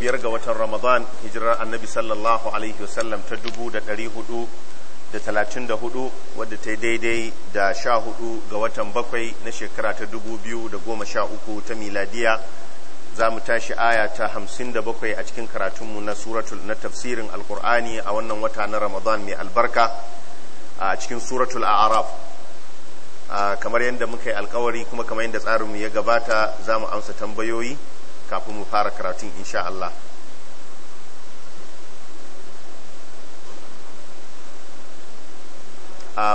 biyar ga watan Ramadan hijirar annabi sallallahu alaihi wasallam ta dubu da ɗari hudu da talatin da hudu wadda ta daidai da sha hudu ga watan bakwai na shekara ta dubu biyu da goma sha uku ta miladiya za mu tashi aya ta hamsin da bakwai a cikin karatunmu na suratul na tafsirin alkur'ani a wannan wata na Ramadan mai albarka a cikin suratul a'raf kamar yadda muka yi alkawari kuma kamar yadda tsarinmu ya gabata za mu amsa tambayoyi kafin mu fara karatun insha Allah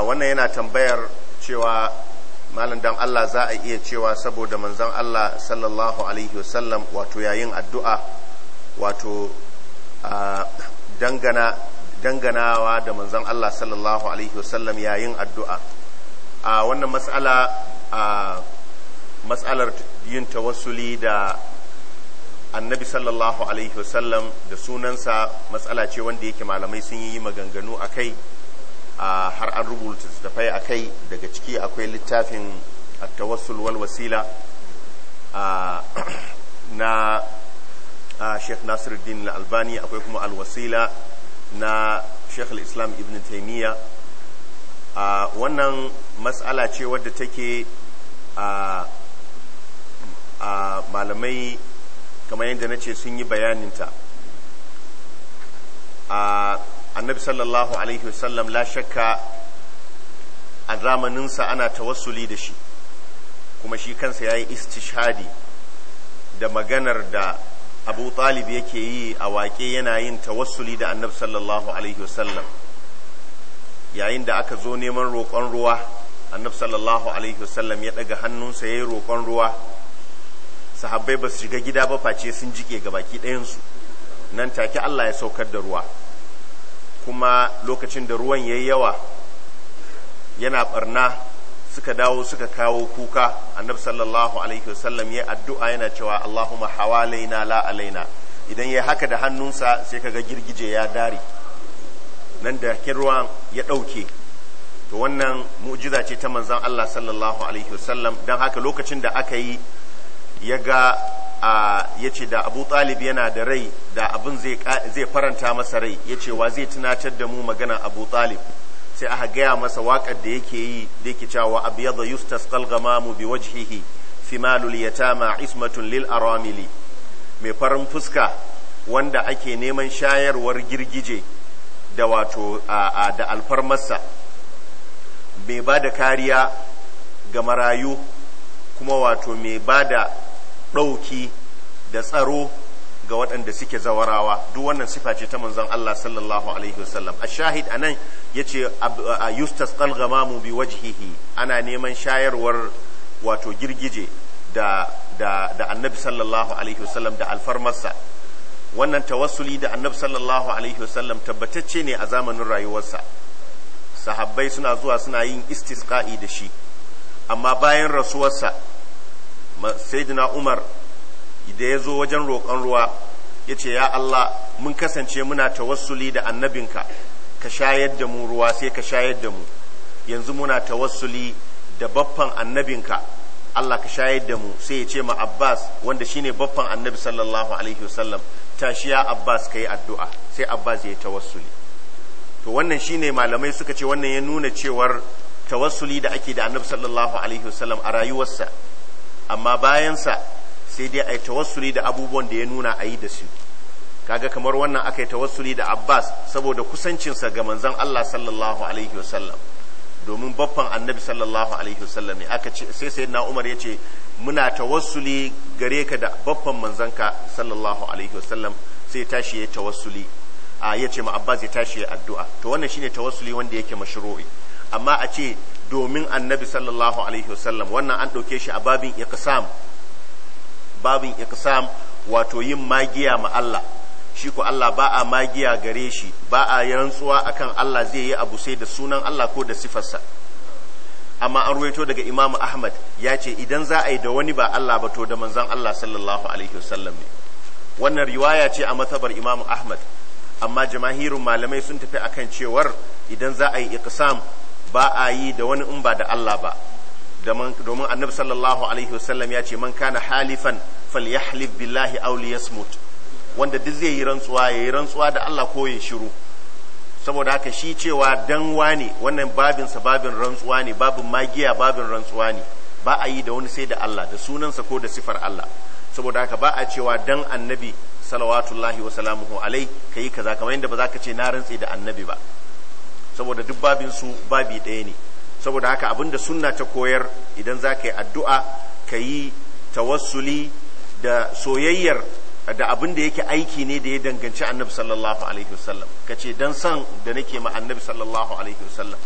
wannan yana tambayar cewa malam dan Allah za a iya cewa saboda manzon Allah sallallahu alaihi wasallam wato yayin addu'a wato dangana danganawa da manzon Allah sallallahu alaihi wasallam yayin addu'a a wannan matsala a matsalar yin tawassuli da annabi sallallahu alaihi wasallam da sunansa matsala ce wanda yake malamai sun yi maganganu a kai har an rubuta tafai a kai daga ciki akwai littafin attawassul wal wasila na sheikh nasiruddin albani akwai kuma al-wasila na sheikh islam ibn taimiyya wannan matsala ce wadda take malamai kamar yadda na ce sun yi bayaninta a annabi sallallahu alaihi wasallam la shakka a zamaninsa ana tawassuli da shi kuma shi kansa ya yi istishadi da maganar da abu talib yake yi a waƙe yana yin tawassuli da annabi sallallahu alaihi wasallam yayin da aka zo neman roƙon ruwa annabi sallallahu alaihi wasallam ya ɗaga hannunsa ya yi roƙon ruwa sahabbai ba su shiga gida ba face sun jike ga baki ɗayansu nan take Allah ya saukar da ruwa kuma lokacin da ruwan ya yi yawa yana barna suka dawo suka kawo kuka annabi sallallahu alaihi wasallam ya addu'a yana cewa Allahumma hawalaina la alaina idan ya haka da hannunsa sai kaga girgije ya dare nan da ruwan ya ɗauke to wannan mu'jiza ce ta manzon Allah sallallahu alaihi wasallam don haka lokacin da aka yi ya ga ya ce da abu talib yana da rai da abin zai faranta masa rai ya ce wa zai tunatar da mu magana abu talib sai aka gaya masa waƙar da yake yi da yake cewa yadda yustas kalgama mu bi fi wajhihi ta ma ismatun lil aramili mai farin fuska wanda ake neman shayarwar girgije da wato da alfarmarsa mai ba da kariya ga marayu kuma wato mai ba da ɗauki da tsaro ga waɗanda suke zawarawa duk wannan sifa ce ta manzon Allah sallallahu alaihi wasallam a shahid anan yace yustas mu bi wajhihi ana neman shayarwar wato girgije da da da annabi sallallahu alaihi wasallam da alfarmarsa wannan tawassuli da annabi sallallahu alaihi wasallam tabbatacce ne a zamanin rayuwarsa sahabbai suna zuwa suna yin istisqa'i da shi amma bayan rasuwarsa saidina umar da ya zo wajen roƙon ruwa ya ce ya allah mun kasance muna tawassuli da annabinka ka shayar da mu ruwa sai ka shayar da mu yanzu muna tawassuli da baffan annabinka allah ka shayar da mu sai ya ce ma abbas wanda shine baffan annabi sallallahu alaihi wasallam tashi ya abbas ka yi addu'a sai abbas ya yi tawassuli to wannan shine malamai suka ce wannan ya nuna cewar tawassuli da ake da annabi sallallahu alaihi wasallam a rayuwarsa amma bayansa sai dai a yi tawassuli da abubuwan da ya nuna ayi da su kaga kamar wannan aka yi tawassuli da abbas saboda kusancinsa ga manzon allah sallallahu alaihi wasallam domin babban annabi sallallahu alaihi wasallam ne aka ce sai sai na umar ya ce muna tawassuli gare ka da babban manzanka sallallahu alaihi wasallam sai tashi ya tawassuli a ya ce ma abbas ya tashi ya addu'a to wannan shine tawassuli wanda yake mashru'i amma a ce domin annabi sallallahu alaihi wasallam wannan an ɗauke shi a babin iqsam babin iqsam wato yin magiya ma Allah shi ko Allah ba a magiya gare shi ba a yi akan Allah zai yi abu sai da sunan Allah ko da sifarsa amma an ruwaito daga Imam Ahmad ya ce idan za a yi da wani ba Allah ba to da manzon Allah sallallahu alaihi wasallam ne wannan riwaya ce a matsabar Imam Ahmad amma jamahirin malamai sun tafi akan cewar idan za a yi iqsam ba a yi da wani in ba da Allah ba domin annabi sallallahu alaihi wasallam ya ce man kana halifan falyahlif billahi aw liyasmut wanda duk zai yi rantsuwa ya yi rantsuwa da Allah ko ya shiru saboda haka shi cewa dan wani wannan babinsa sa babin rantsuwa ne babin magiya babin rantsuwa ne ba a yi da wani sai da Allah da sunansa ko da sifar Allah saboda haka ba a cewa dan annabi salawatullahi wa salamuhu alai kayi kaza kamar yadda ba za ka ce na rantsi da annabi ba saboda duk babin su babi ɗaya ne saboda haka abinda sunna ta koyar idan za ka yi addu'a ka yi tawassuli da soyayyar da abin da yake aiki ne da ya danganci annabi sallallahu alaihi wasallam ka ce dan san da nake ma annabi sallallahu alaihi wasallam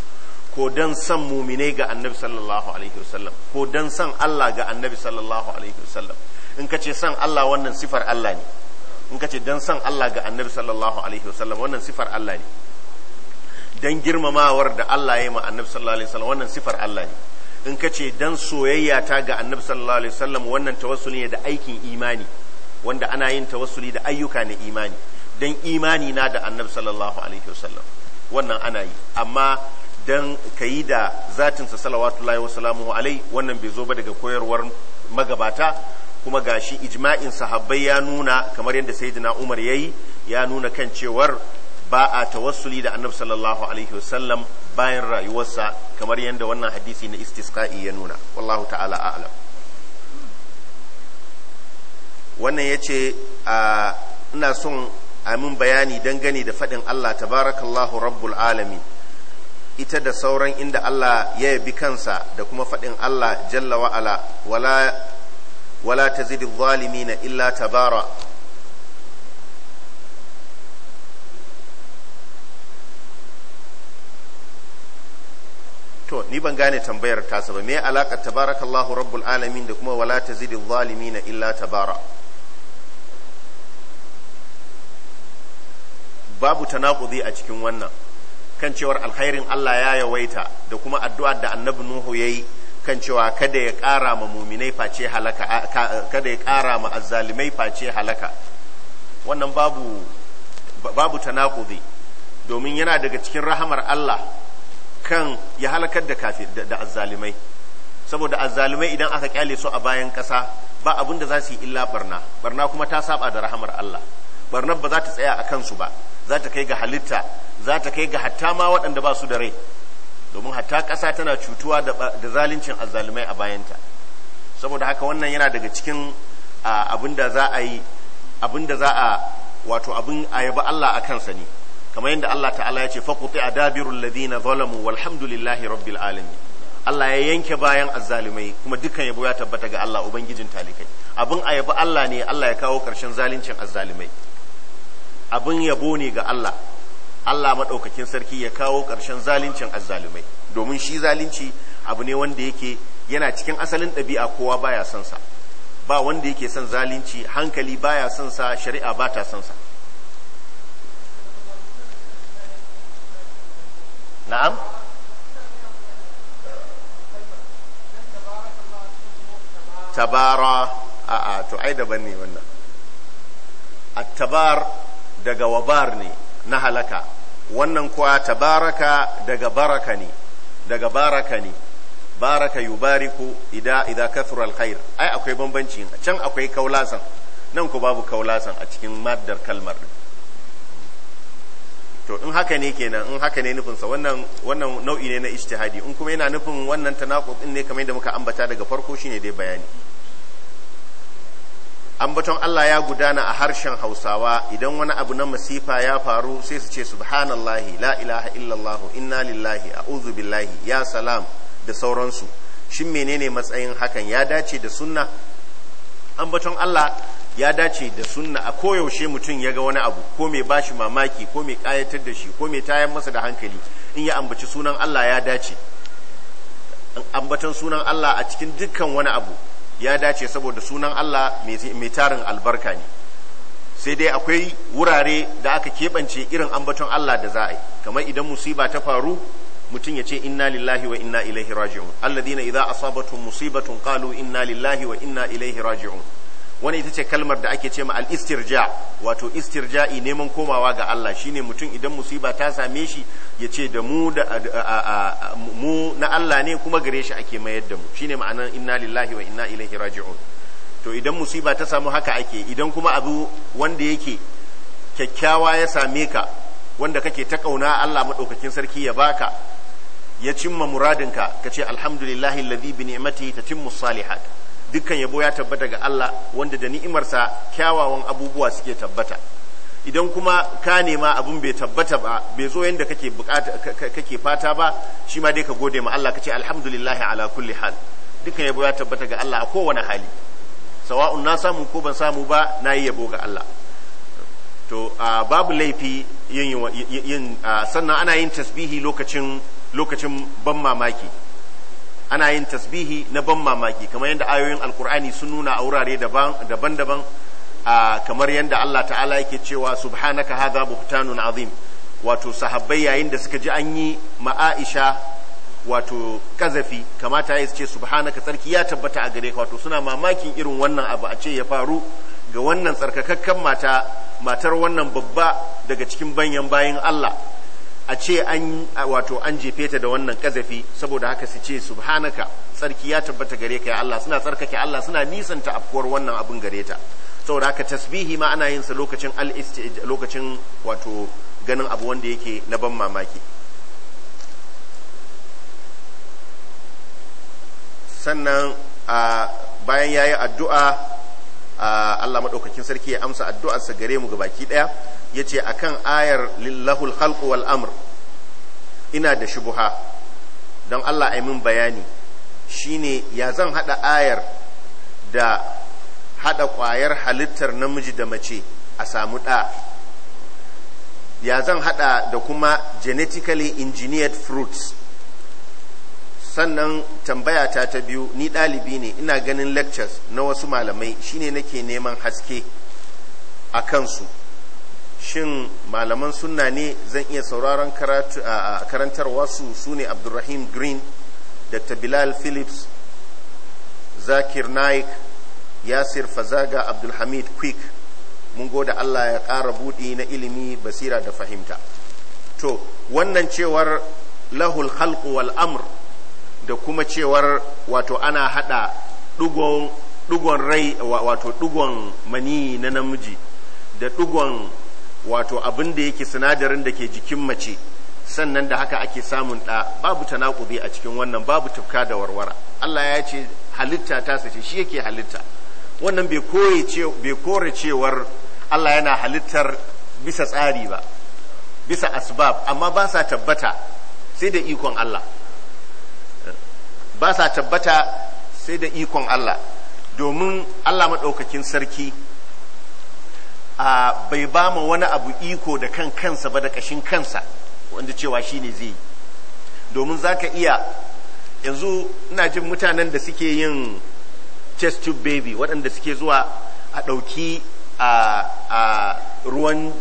ko dan san mumine ga annabi sallallahu alaihi wasallam ko dan san Allah ga annabi sallallahu alaihi wasallam in ka ce san Allah wannan sifar Allah ne in ka ce dan san Allah ga annabi sallallahu alaihi wasallam wannan sifar Allah ne dan girmamawar da Allah ya yi ma annabi sallallahu alaihi wasallam wannan sifar Allah ne in ka ce dan soyayya ta ga annabi sallallahu alaihi wasallam wannan tawassuli ne da aikin imani wanda ana yin tawassuli da ayyuka na imani dan imani na da annabi sallallahu alaihi wasallam wannan ana yi amma dan kayi da zatinsa salawatullahi wasalamu alai wannan bai zo ba daga koyarwar magabata kuma gashi ijma'in sahabbai ya nuna kamar yadda sayyidina Umar yayi ya nuna kan cewar ba a tawassuli da annabi sallallahu alaihi wasallam bayan rayuwarsa kamar yadda wannan hadisi na istisqa'i ya nuna wallahu ta'ala a'lam wannan yace a ina son amin bayani dangane da faɗin Allah tabarakallahu rabbul alamin ita da sauran inda Allah ya yabi kansa da kuma faɗin Allah jalla wa'ala wala wala tazidu zalimina illa tabara to ni ban gane tambayar tasa ba me alaka tabarakallahu rabbul alamin da kuma wala tazidil zalimina illa tabara babu tanakudi a cikin wannan kan cewar alkhairin Allah ya yawaita da kuma addu'ar da annabi Nuhu yayi kan cewa kada ya ƙara ma muminai face halaka kada ya ƙara ma azzalimai face halaka wannan babu babu tanakudi domin yana daga cikin rahamar Allah kan ya halakar da da azzalimai saboda azzalimai idan aka kyale su a bayan ƙasa ba abin da za su yi illa barna barna kuma ta saba da rahamar Allah barnar ba za ta tsaya a kansu ba za ta kai ga halitta za ta kai ga hatta ma waɗanda ba su da rai domin hatta ƙasa tana cutuwa da zalincin azzalumai a bayanta saboda haka wannan yana daga cikin abin da za a yi abin da za a wato abin ayaba Allah a kansa ne kamar yadda Allah ta'ala ya ce a adabirul ladina zalamu walhamdulillahi rabbil alamin Allah ya yanke bayan azzalumai kuma dukkan yabo ya tabbata ga Allah ubangijin talikai abin a Allah ne Allah ya kawo karshen zalincin azzalumai abin yabo ne ga Allah Allah madaukakin sarki ya kawo karshen zalincin azzalumai domin shi zalunci abu ne wanda yake yana cikin asalin ɗabi'a kowa baya son ba wanda yake son zalunci hankali baya son sa shari'a bata ta son na'am tabara a a to ai daban ne wannan attabar daga wabar ne na halaka wannan kuwa tabaraka daga baraka ne daga baraka ne baraka yubariku ida idza kathura alkhair ai akwai bambanci can akwai kaulasan nan ku babu kaulasan a cikin maddar kalmar din to in haka ne kenan in haka ne nufinsa wannan nau'i ne na ijtihadi in kuma yana nufin wannan tanaqub din ne kamar da muka ambata daga farko shine dai bayani ambaton Allah ya gudana a harshen Hausawa idan wani abu na masifa ya faru sai su ce subhanallahi la ilaha illallah inna lillahi a'udhu billahi ya salam da sauransu shin menene matsayin hakan ya dace da sunna ambaton Allah ya dace da sunna a koyaushe mutum ya ga wani abu ko mai bashi mamaki ko mai kayatar da shi ko mai tayan masa da hankali in ya ambaci sunan Allah ya dace ambatan sunan Allah a cikin dukkan wani abu ya dace saboda sunan Allah mai tarin albarka ne sai dai akwai wurare da aka keɓance irin ambatan Allah da za a kamar idan musiba ta faru mutum ya ce inna lillahi wa inna ilaihi raji'un alladhina idza asabatuhum musibatun qalu inna lillahi wa inna ilaihi raji'un wani ita ce kalmar da ake ce ma al'istirja, wato istirja'i neman komawa ga Allah ne mutum idan musiba ta same shi ya ce da mu da mu na Allah ne kuma gare shi ake mayar da mu shine ma'anar inna lillahi wa inna ilaihi raji'un to idan musiba ta samu haka ake idan kuma abu wanda yake kyakkyawa ya same ka wanda kake ta kauna Allah madaukakin sarki ya baka ya cimma muradinka ka ce alhamdulillahi alladhi bi ni'matihi tatimmu salihat dukkan yabo ya tabbata ga Allah wanda da ni'imarsa kyawawan abubuwa suke tabbata idan kuma ka nema abun bai tabbata ba bai zo yadda kake bukata kake fata ba shi ma dai ka gode ma Allah kace alhamdulillah ala kulli hal dukkan yabo ya tabbata ga Allah a kowane hali sawa'un na samu ko ban samu ba nayi yabo ga Allah to babu laifi yin sannan ana yin tasbihi lokacin lokacin ban mamaki ana yin tasbihi na ban mamaki kamar yadda ayoyin alkur'ani sun nuna a wurare daban-daban kamar yadda Allah ta'ala yake cewa subhanaka hadha buhtanun azim wato sahabbai yayin da suka ji an yi ma'aisha wato kazafi kamata ya ce subhanaka tsarki ya tabbata a gare ka wato suna mamakin irin wannan abu a ce ya faru ga wannan tsarkakakkan mata matar wannan babba daga cikin banyan bayan Allah a ce an wato an jefe ta da wannan kazafi saboda haka su ce subhanaka tsarki ya tabbata gare ka ya Allah suna tsarkake Allah suna nisanta afkuwar wannan abin gare ta saboda haka tasbihi ma ana yin sa lokacin al lokacin wato ganin abu wanda yake na ban mamaki sannan bayan yayi addu'a Allah madaukakin sarki ya amsa addu'ar sa gare mu gabaki daya yace akan ayar lillahul khalqu wal amr ina da shubuha don Allah ai min bayani shine ya zan hada ayar da hada kwayar halittar namiji da mace a samu da ya zan hada da kuma genetically engineered fruits sannan tambaya ta ta biyu ni ɗalibi ne ina ganin lectures na wasu malamai shine nake neman haske a kansu shin malaman sunna ne zan iya sauraron wasu su ne abdulrahim green dr bilal phillips zakir naik yasir fazaga abdulhamid quick mun goda allah ya ƙara buɗi na ilimi basira da fahimta to wannan cewar lahul khalqu wal amr da kuma cewar wato ana hada dugon rai wato dugon mani na namiji da dugon wato abin da yake sinadarin da ke jikin mace sannan da haka ake samun ɗa babu ta naƙube a cikin wannan babu tufka da warwara Allah ya ce halitta ta sace shi yake halitta wannan bai kore cewar Allah yana halittar bisa tsari ba bisa asbab amma ba sa tabbata sai da ikon Allah ba sa tabbata sai da ikon Allah domin Allah maɗaukakin sarki bai ba ma wani abu iko da kan kansa ba da kashin kansa wanda cewa shi ne zai domin za ka iya yanzu ina jin mutanen da suke yin chest tube baby waɗanda suke zuwa a ɗauki a ruwan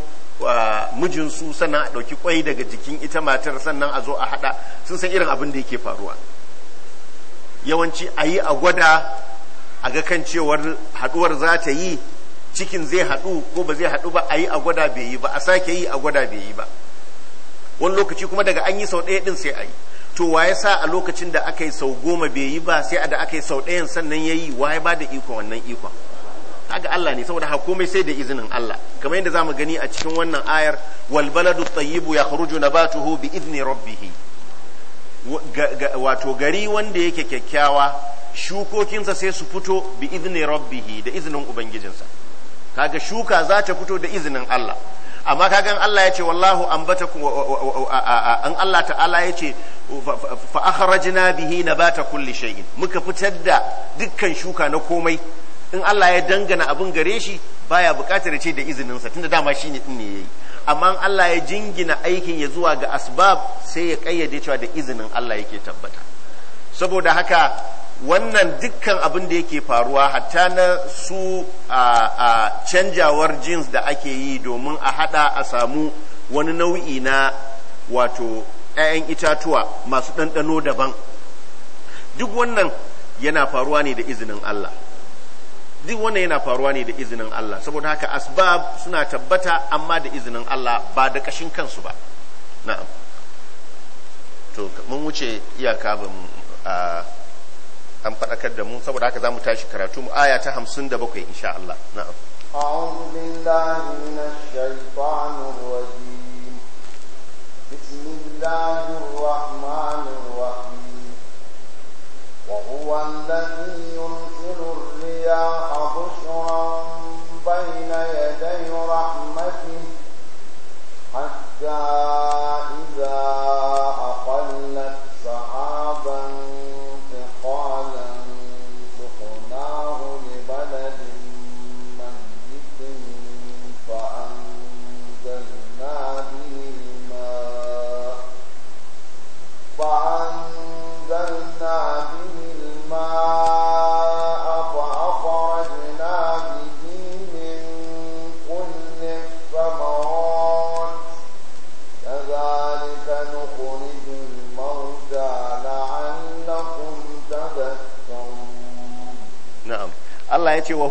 mijinsu sannan a ɗauki ƙwai daga jikin ita matar sannan a zo a haɗa sun san irin abin da yake faruwa yawanci a yi a gwada a ga kan cewar haɗuwar za ta yi cikin zai haɗu ko ba zai haɗu ba a yi a gwada bai yi ba a sake yi a gwada bai yi ba wani lokaci kuma daga an yi sau ɗaya ɗin sai ayi. yi to wa sa a lokacin da aka yi sau goma bai yi ba sai a da aka yi sau ɗayan sannan ya yi wa ya ba da ikon wannan ikon kaga Allah ne saboda komai sai da izinin Allah kamar yadda zamu gani a cikin wannan ayar wal baladu tayyibu yakhruju nabatuhu bi idni rabbih wato gari wanda yake kyakkyawa shukokinsa sai su fito bi idni rabbih da izinin ubangijinsa kaga shuka za ta fito da izinin Allah amma kaga Allah ya ce wallahu ambatakum an Allah ta'ala ya ce fa akhrajna bihi nabata kulli shay'in muka fitar da dukkan shuka na komai in Allah ya dangana abin gare shi baya bukatar ce da izinin sa tunda dama shine din ne yayi amma Allah ya jingina aikin ya zuwa ga asbab sai ya kayyade cewa da izinin Allah yake tabbata saboda haka wannan dukkan abin da yake faruwa hatta na su a canjawar jeans da ake yi domin a hada a samu wani nau'i na wato 'ya'yan itatuwa masu ɗanɗano daban duk wannan yana faruwa ne da izinin Allah duk wannan yana faruwa ne da izinin Allah saboda haka asbab suna tabbata amma da izinin Allah ba da kashin kansu ba na'am to mun wuce iyaka ba an faɗakar da mu saboda haka za mu tashi karatu mu aya ta hamsin da bakwai insha Allah na'am أعوذ بالله من الشيطان الرجيم بسم الله الرحمن الرحيم وهو الذي يرسل الرياح بشرا بين يدي رحمته حتى إذا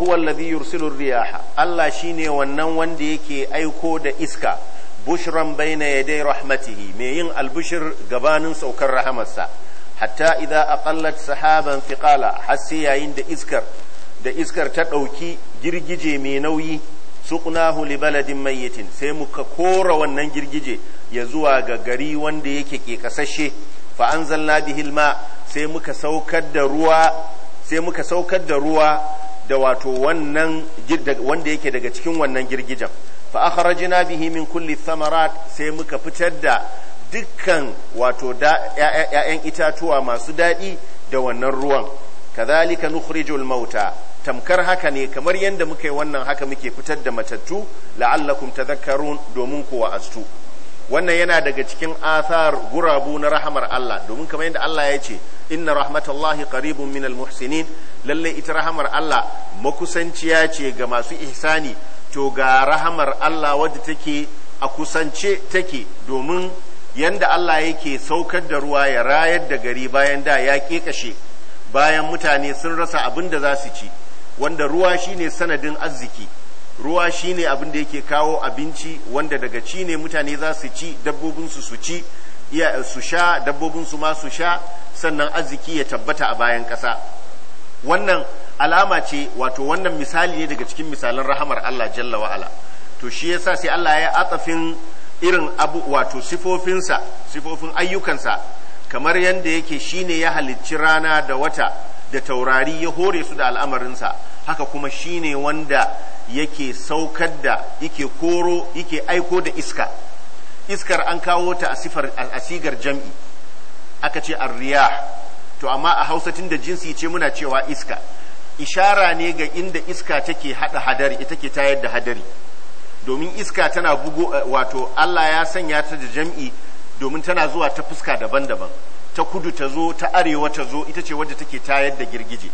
huwa alladhi yursilu riyaha Allah shine wannan wanda yake aiko da iska bushran bayna yaday rahmatihi mai yin albushir gabanin saukar rahamarsa hatta idza aqallat sahaban thiqala har sai yayin da iskar da iskar ta dauki girgije mai nauyi suqnahu li baladin mayyitin sai muka kora wannan girgije ya zuwa ga gari wanda yake kasashe fa anzalna bihi alma sai muka saukar da ruwa sai muka saukar da ruwa da wato wannan wanda yake daga cikin wannan girgijan fa bi bihi min kulli thamarat sai muka fitar da dukkan wato ‘ya'yan itatuwa masu daɗi da wannan ruwan, kazalika nukhrijul mauta, tamkar haka ne kamar yadda muka yi wannan haka muke fitar da matattu la'allakum tazakkarun domin kowa astu. wannan yana daga cikin athar gurabu na rahamar Allah domin kamar yadda Allah ya ce inna rahmatullahi qaribun minal muhsinin lalle ita rahamar Allah makusanciya ce ga masu ihsani to ga rahamar Allah wadda take a kusance take domin yanda Allah yake saukar da ruwa ya rayar da gari bayan da ya kekashe bayan mutane sun rasa abin da za su ci wanda ruwa shine sanadin arziki ruwa shine abin da yake kawo abinci wanda daga ci ne mutane za su ci dabbobinsu su ci iya su sha dabbobinsu ma su sha sannan arziki ya tabbata a bayan ƙasa wannan alama ce wato wannan misali ne daga cikin misalin rahamar Allah jalla wa'ala to shi yasa sai Allah ya atsafin irin abu wato sifofinsa sifofin ayyukansa kamar yadda yake shine ya halicci rana da wata da taurari ya hore su da al'amarinsa haka kuma shine wanda yake saukar da yake koro yake aiko da iska iskar an kawo ta a sigar jam'i aka ce riyah to amma a hausa tun da jinsi ce muna cewa iska ishara ne ga inda iska take hada hadari ita ke tayar da hadari domin iska tana bugo eh, wato Allah ya sanya ta da jam'i domin tana zuwa ta fuska daban-daban ta kudu ta zo ta arewa ta zo ita ce wadda take tayar da girgije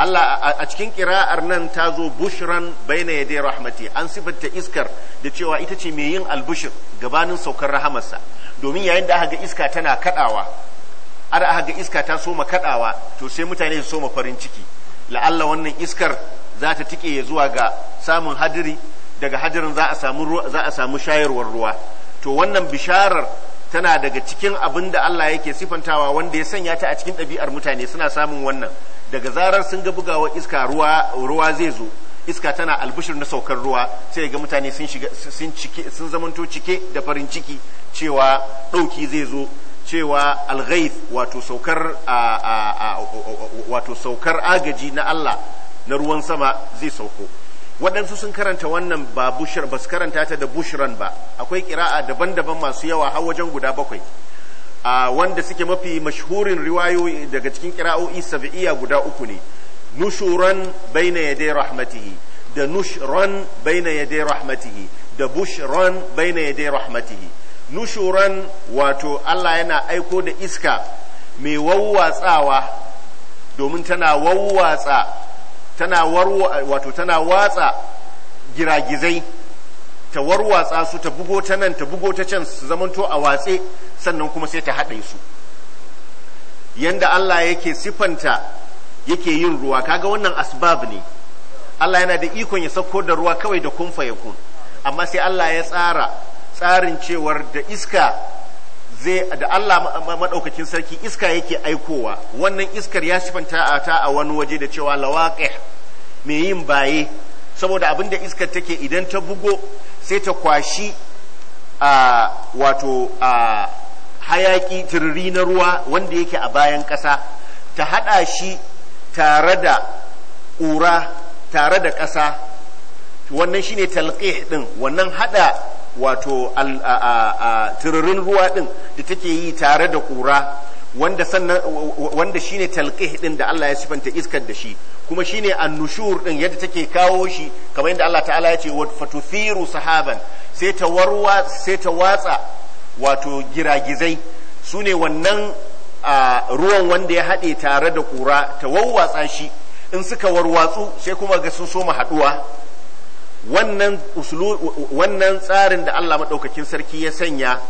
Allah a cikin kira'ar nan ta zo bushran baina yadai rahmati an sifanta iskar da cewa ita ce mai yin albushir gabanin saukar rahamarsa domin yayin da aka ga iska tana kadawa ar aka ga iska ta soma kadawa to sai mutane su soma farin ciki la'alla wannan iskar za ta tike ya zuwa ga samun hadiri daga hadirin za a samu za a samu shayarwar ruwa to wannan bisharar tana daga cikin abin da Allah yake sifantawa wanda ya sanya ta a cikin ɗabi'ar mutane suna samun wannan daga zarar sun ga bugawa iska ruwa ruwa zai zo iska tana albishir na saukar ruwa sai ga mutane sun shiga sun cike sun zamanto cike da farin ciki cewa ɗauki zai zo cewa alghaith wato saukar wato saukar agaji na Allah na ruwan sama zai sauko waɗansu sun karanta wannan ba bushir ba su karanta ta da bushran ba akwai kira'a daban-daban masu yawa har wajen guda bakwai wanda suke mafi mashhurin riwayoyi daga cikin kira'o'i sabi'iya guda uku ne nushuran baina yaday rahmatihi da nushran baina yaday rahmatihi da bushran baina yaday rahmatihi nushuran wato Allah yana aiko da iska mai wawwatsawa domin tana wawwatsa tana warwa wato tana watsa giragizai ta warwatsa su ta bugo ta nan ta bugo ta can su zamanto a watse sannan kuma sai ta haɗe su yanda Allah yake sifanta yake yin ruwa kaga wannan asbab ne Allah yana da ikon ya sauko da ruwa kawai da kun fayakun amma sai Allah ya tsara tsarin cewar da iska zai da Allah madaukakin sarki iska yake aikowa wannan iskar ya sifanta a ta a wani waje da cewa lawaqih mai yin baye saboda abinda iskar take idan ta bugo sai ta kwashi a wato a hayaki tururi na ruwa wanda yake a bayan ƙasa ta haɗa shi tare da ƙura tare da ƙasa wannan shine talqih din wannan haɗa wato tururin ruwa din da take yi tare da ƙura wanda sannan wanda shine talqih din da Allah ya sifanta iskar da shi kuma shine annushur din yadda take kawo shi kamar yadda Allah ta'ala ya ce wa fatuthiru sahaban sai ta warwa sai ta watsa wato giragizai sune wannan ruwan wanda ya haɗe tare da ƙura ta wawwatsa shi in suka warwatsu sai kuma ga sun so haɗuwa wannan wannan tsarin da Allah maɗaukakin sarki ya sanya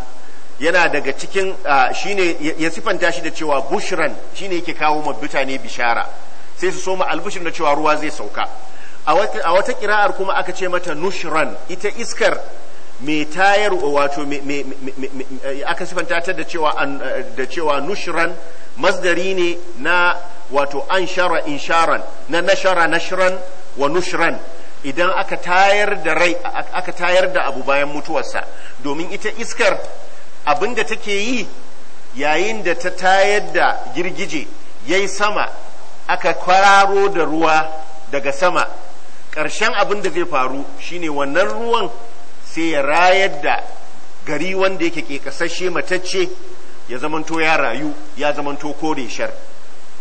yana daga cikin shi ne ya sifanta shi da cewa bushran shine yake kawo ma mutane bishara sai su so ma albushin da cewa ruwa zai sauka a wata kira'ar kuma aka ce mata nushran ita iskar mai tayar wato eh, aka sifanta ta da cewa eh, da cewa nushran masdari ne na wato an shara insharan na nashara nashran wa nushran idan aka tayar da rai aka tayar da abu bayan mutuwarsa domin ita iskar abin da take yi yayin da ta tayar da girgije ya yi sama aka kwararo da ruwa daga sama ƙarshen abin da zai faru shine wannan ruwan sai ya rayar da gari wanda yake ƙeƙasashe matacce ya zamanto ya rayu ya zamanto kore shar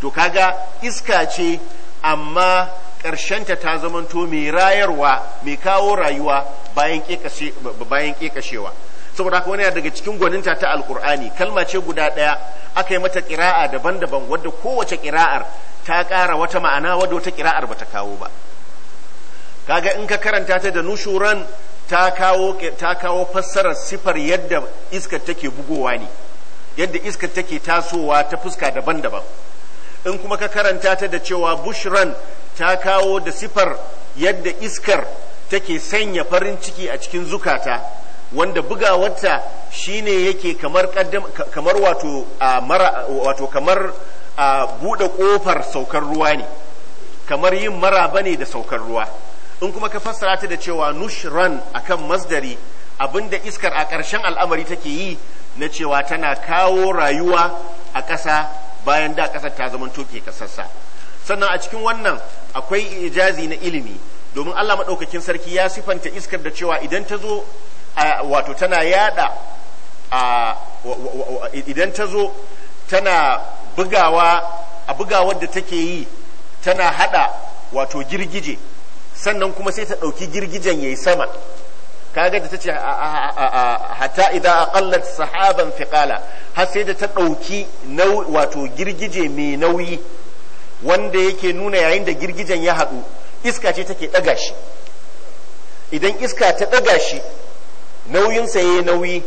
to kaga iska ce amma ƙarshenta ta zamanto mai rayarwa mai kawo rayuwa bayan ƙeƙashewa saboda haka wani daga cikin gwaninta ta alkur'ani kalma ce guda ɗaya aka yi mata ƙira'a daban-daban wadda kowace kira'ar ta kara wata ma'ana wadda wata ƙira'ar bata kawo ba kaga in ka karanta ta da nushuran ta kawo ta kawo fassarar sifar yadda iskar take bugowa ne yadda iskar take tasowa ta fuska daban-daban in kuma ka karanta ta da cewa bushran ta kawo da sifar yadda iskar take sanya farin ciki a cikin zukata wanda bugawarta shine yake kamar kaddam kamar wato mara wato kamar bude kofar saukar ruwa ne kamar yin mara bane da saukar ruwa in kuma ka fassara ta da cewa nushran akan masdari abinda iskar a ƙarshen al'amari take yi na cewa tana kawo rayuwa a ƙasa bayan da ƙasar ta zama toke ƙasarsa sannan a cikin wannan akwai ijazi na ilimi domin Allah maɗaukakin sarki ya sifanta iskar da cewa idan ta zo wato tana yada idan ta zo tana bugawa a bugawar da take yi tana hada wato girgije sannan kuma sai ta ɗauki girgijen yayi sama kaga da ta ce hatta idan aƙallar sahaban fiƙala har sai da ta ɗauki wato girgije mai nauyi wanda yake nuna yayin da girgijen ya haɗu iska ce take ɗaga shi idan iska ta ɗaga shi nauyinsa ya yi nauyi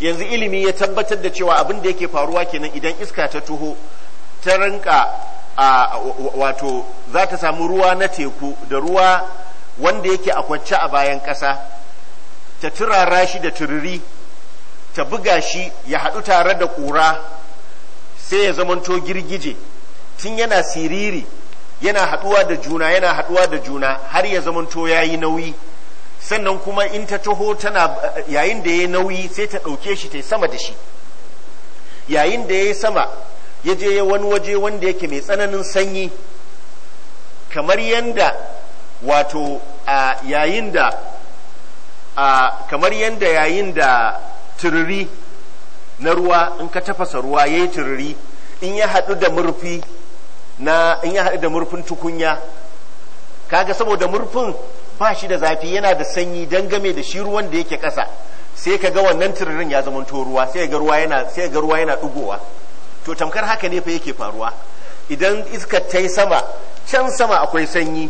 yanzu ilimi ya tabbatar da cewa abin da yake faruwa kenan idan iska ta tuho ta rinka a wato za ta samu ruwa na teku da ruwa wanda yake a kwance a bayan ƙasa ta turara shi da turiri ta buga shi ya haɗu tare da ƙura sai ya zamanto girgije tun yana siriri yana haɗuwa da juna yana haɗuwa da juna har ya zamanto ya yi nauyi sannan kuma in ta taho tana yayin da ya nauyi sai ta ɗauke shi ta sama da shi yayin da ya sama ya je wani waje wanda yake mai tsananin sanyi kamar yanda wato a yayin da a kamar yadda yayin da tururi na ruwa in ka tafasa ruwa ya yi tururi in ya haɗu da murfi na in ya haɗu da murfin tukunya kaga saboda murfin ba shi da zafi yana da sanyi game da shi ruwan da yake ƙasa sai ka ga wannan tururin ya zama to ruwa sai ga ruwa yana sai dugowa to tamkar haka ne fa yake faruwa idan iskar ta yi sama can sama akwai sanyi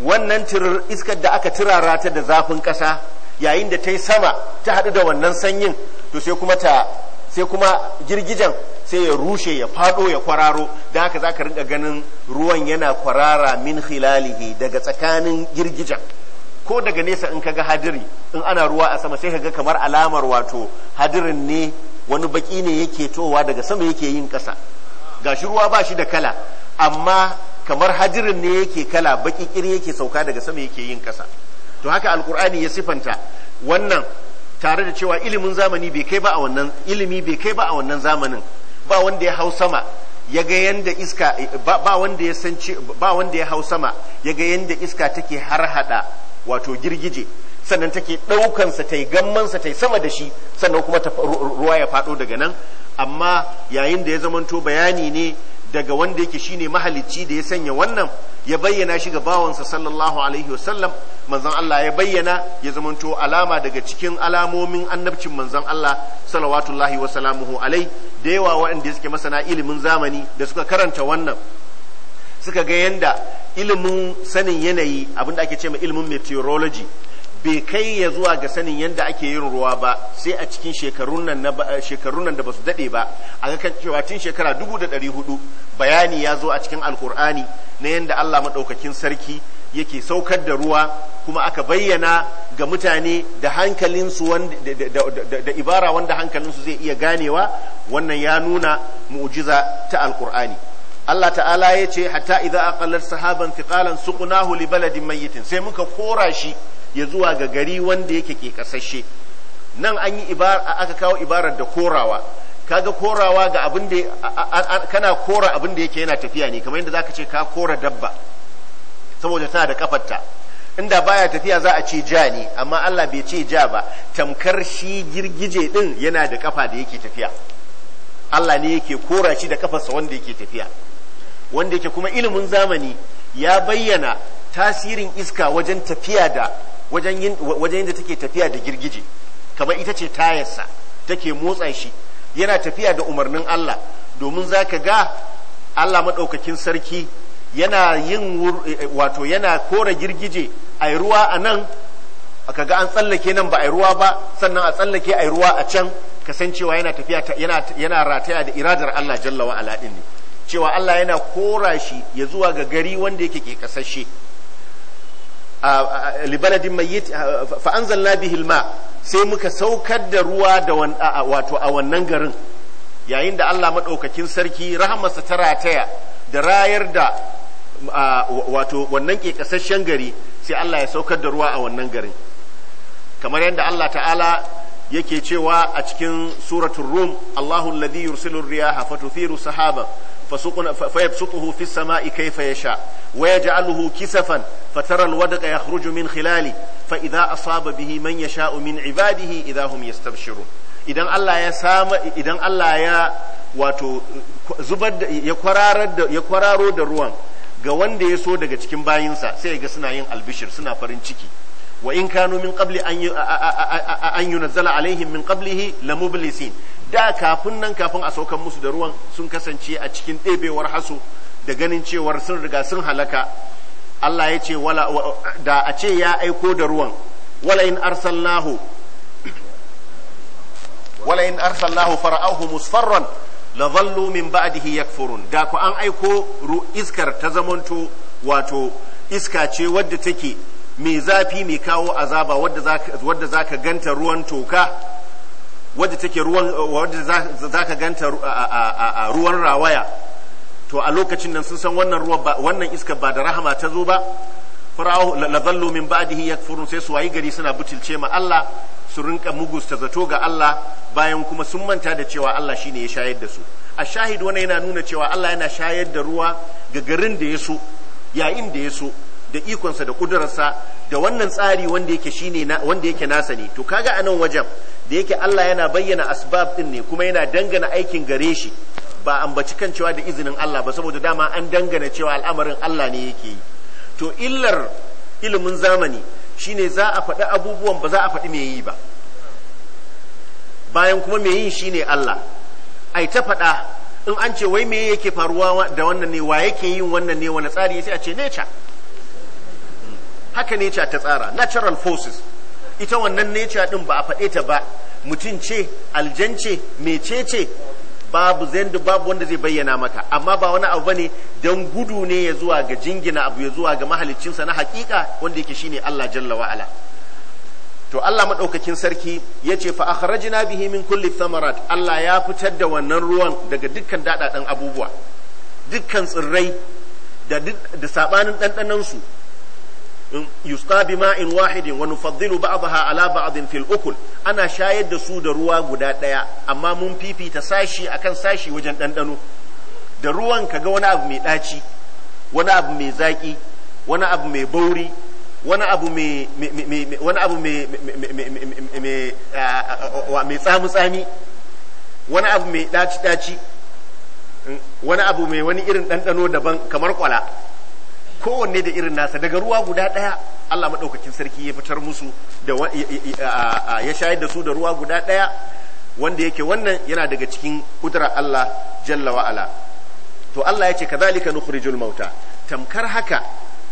wannan iskar da aka turara ta da zafin ƙasa yayin da ta yi sama ta haɗu da wannan sanyin to sai kuma ta sai kuma girgijen sai ya rushe ya fado ya kwararo da haka za ka rinka ganin ruwan yana kwarara min khilalihi daga tsakanin girgijan ko daga nesa in kaga hadiri in ana ruwa a sama sai ka ga kamar alamar wato hadirin ne wani baki ne yake towa daga sama yake yin kasa gashi ruwa ba shi da kala amma kamar hadirin ne yake kala baki kiri yake sauka daga sama yake yin kasa to haka alkur'ani ya sifanta wannan tare da cewa ilimin zamani bai kai ba a wannan ilimi bai kai ba a wannan zamanin ba wanda ya hau sama ya ga yanda iska ba wanda ya san ba wanda ya hau sama ya ga yanda iska take har hada wato girgije sannan take ɗaukansa ta yi gammansa ta yi sama da shi sannan kuma ruwa ya faɗo daga nan amma yayin da ya zamanto bayani ne daga wanda yake shine mahalicci da ya sanya wannan ya bayyana shi ga bawansa sallallahu alaihi wasallam manzon Allah ya bayyana ya zamanto alama daga cikin alamomin annabcin manzon Allah salawatullahi wa salamuhu alai da yawa waɗanda suke masana ilimin zamani da suka karanta wannan suka ga yanda ilimin sanin yanayi abinda ake cewa ma ilimin meteorology bai kai ya zuwa ga sanin yadda ake yin ruwa ba sai a cikin eh, shekarun nan da ba su daɗe ba a ga kan cewa tun shekara dubu da ɗari hudu bayani ya zo a cikin alkur'ani na yadda allah maɗaukakin sarki yake saukar da ruwa kuma aka bayyana ga mutane da hankalinsu da ibara wanda su zai iya ganewa wannan ya nuna mu'jiza ta alkur'ani Allah ta'ala ya ce hatta idza aqallat sahaban thiqalan suqnahu li baladin mayyitin sai muka kora shi ya zuwa ga gari wanda yake ke kasashe nan an yi aka kawo ibarar da korawa kaga korawa ga abin da kana kora abin da yake yana tafiya ne kamar yadda zaka ce ka kora dabba saboda tana da kafarta inda baya tafiya za a ce ja ne amma Allah bai ce ja ba tamkar shi girgije din yana da kafa da yake tafiya Allah ne yake kora shi da kafarsa wanda yake tafiya wanda yake kuma ilimin zamani ya bayyana tasirin iska wajen tafiya da wajen yin yadda take tafiya da girgije kamar ita ce tayarsa take motsa shi yana tafiya da umarnin Allah domin za ka ga Allah maɗaukakin sarki yana yin eh, eh, wato yana kora girgije ai ruwa a nan aka ga an tsallake nan ba a ruwa ba sannan a tsallake a ruwa a can kasancewa yana tafiya yana rataya da iradar Allah jalla wa ne cewa Allah yana kora shi ya zuwa ga gari wanda yake ke kasashe libaladin mayyit fa anzalna bihi alma sai muka saukar da ruwa da wato a wannan garin yayin da Allah madaukakin sarki rahamarsa ta rataya da rayar da wato wannan kekasasshen gari sai Allah ya saukar da ruwa a wannan garin kamar yadda Allah ta'ala yake cewa a cikin suratun rum Allahu alladhi yursilu riyaha fatuthiru sahaba فيبسطه في السماء كيف يشاء ويجعله كسفا فترى الودق يخرج من خلاله فإذا أصاب به من يشاء من عباده إذا هم يستبشرون idan Allah ya samu idan Allah ya wato zubar da ya kwararar da ya kwararo da ruwan ga wanda ya so daga cikin bayinsa sai ga suna yin albishir suna farin ciki wa in kanu min qabli an yunazzala alaihim min qablihi lamublisin da kafin nan kafin a saukan musu da ruwan sun kasance a cikin ɗebewar hasu da ganin cewar sun riga sun halaka Allah ya ce da a ce ya aiko da ruwan wala in arsalnahu wala in arsalnahu fara'ahu musfarran la zallu min ba'dihi yakfurun da ku an aiko iskar ta zamanto wato iska ce wadda take mai zafi mai kawo azaba wadda zaka ganta ruwan toka wadda take ruwan wadda zaka ganta a ruwan rawaya to a lokacin nan sun san wannan ruwa wannan iska ba da rahama ta zo ba farawo la zallu min ba'dihi yakfurun sai su wayi gari suna butulce ma Allah su rinka mugusta zato ga Allah bayan kuma sun manta da cewa Allah shine ya shayar da su a shahid wani yana nuna cewa Allah yana shayar da ruwa ga garin da ya so yayin da ya so da ikonsa da kudurarsa da wannan tsari wanda yake shine wanda yake nasa ne to kaga anan wajen da yake Allah yana bayyana asbab din ne kuma yana dangana aikin gare shi ba ambaci kan cewa da izinin Allah ba saboda dama an dangana cewa al'amarin Allah ne yake yi to illar ilimin zamani shine za a faɗi abubuwan ba za a faɗi mai yi ba bayan kuma mai yin shine Allah ai ta faɗa in an ce wai me yake faruwa da wannan ne wa yake yin wannan ne wani tsari sai a ce nature haka nature ta tsara natural forces ita wannan nature din ba a faɗe ta ba mutum ce aljance ce mece ce babu zendu babu wanda zai bayyana maka amma ba wani abu bane don gudu ne ya zuwa ga jingina abu ya zuwa ga mahaliccinsa na hakika wanda yake shine Allah jalla wa ala to Allah madaukakin sarki yace fa akhrajna bihi min kulli thamarat Allah ya fitar da wannan ruwan daga dukkan dadadan abubuwa dukkan tsirrai da da sabanin dandanansu yusqa bima'in wahidin wa nufaddilu ba'daha ala ba'din fil ukul ana shayar da su da ruwa guda ɗaya amma mun fifita sashi akan sashi wajen dandano da ruwan kaga wani abu mai daci wani abu mai zaki wani abu mai bauri مي wani abu mai tsami tsami wani abu mai daci daci wani abu mai wani irin ɗanɗano daban kamar kwala kowanne da irin nasa daga ruwa guda ɗaya Allah maɗaukakin sarki ya fitar musu da ya shayar da su da ruwa guda ɗaya wanda yake wannan yana daga cikin kudura Allah jalla wa'ala to Allah ya ce zalika nukhrijul mauta tamkar haka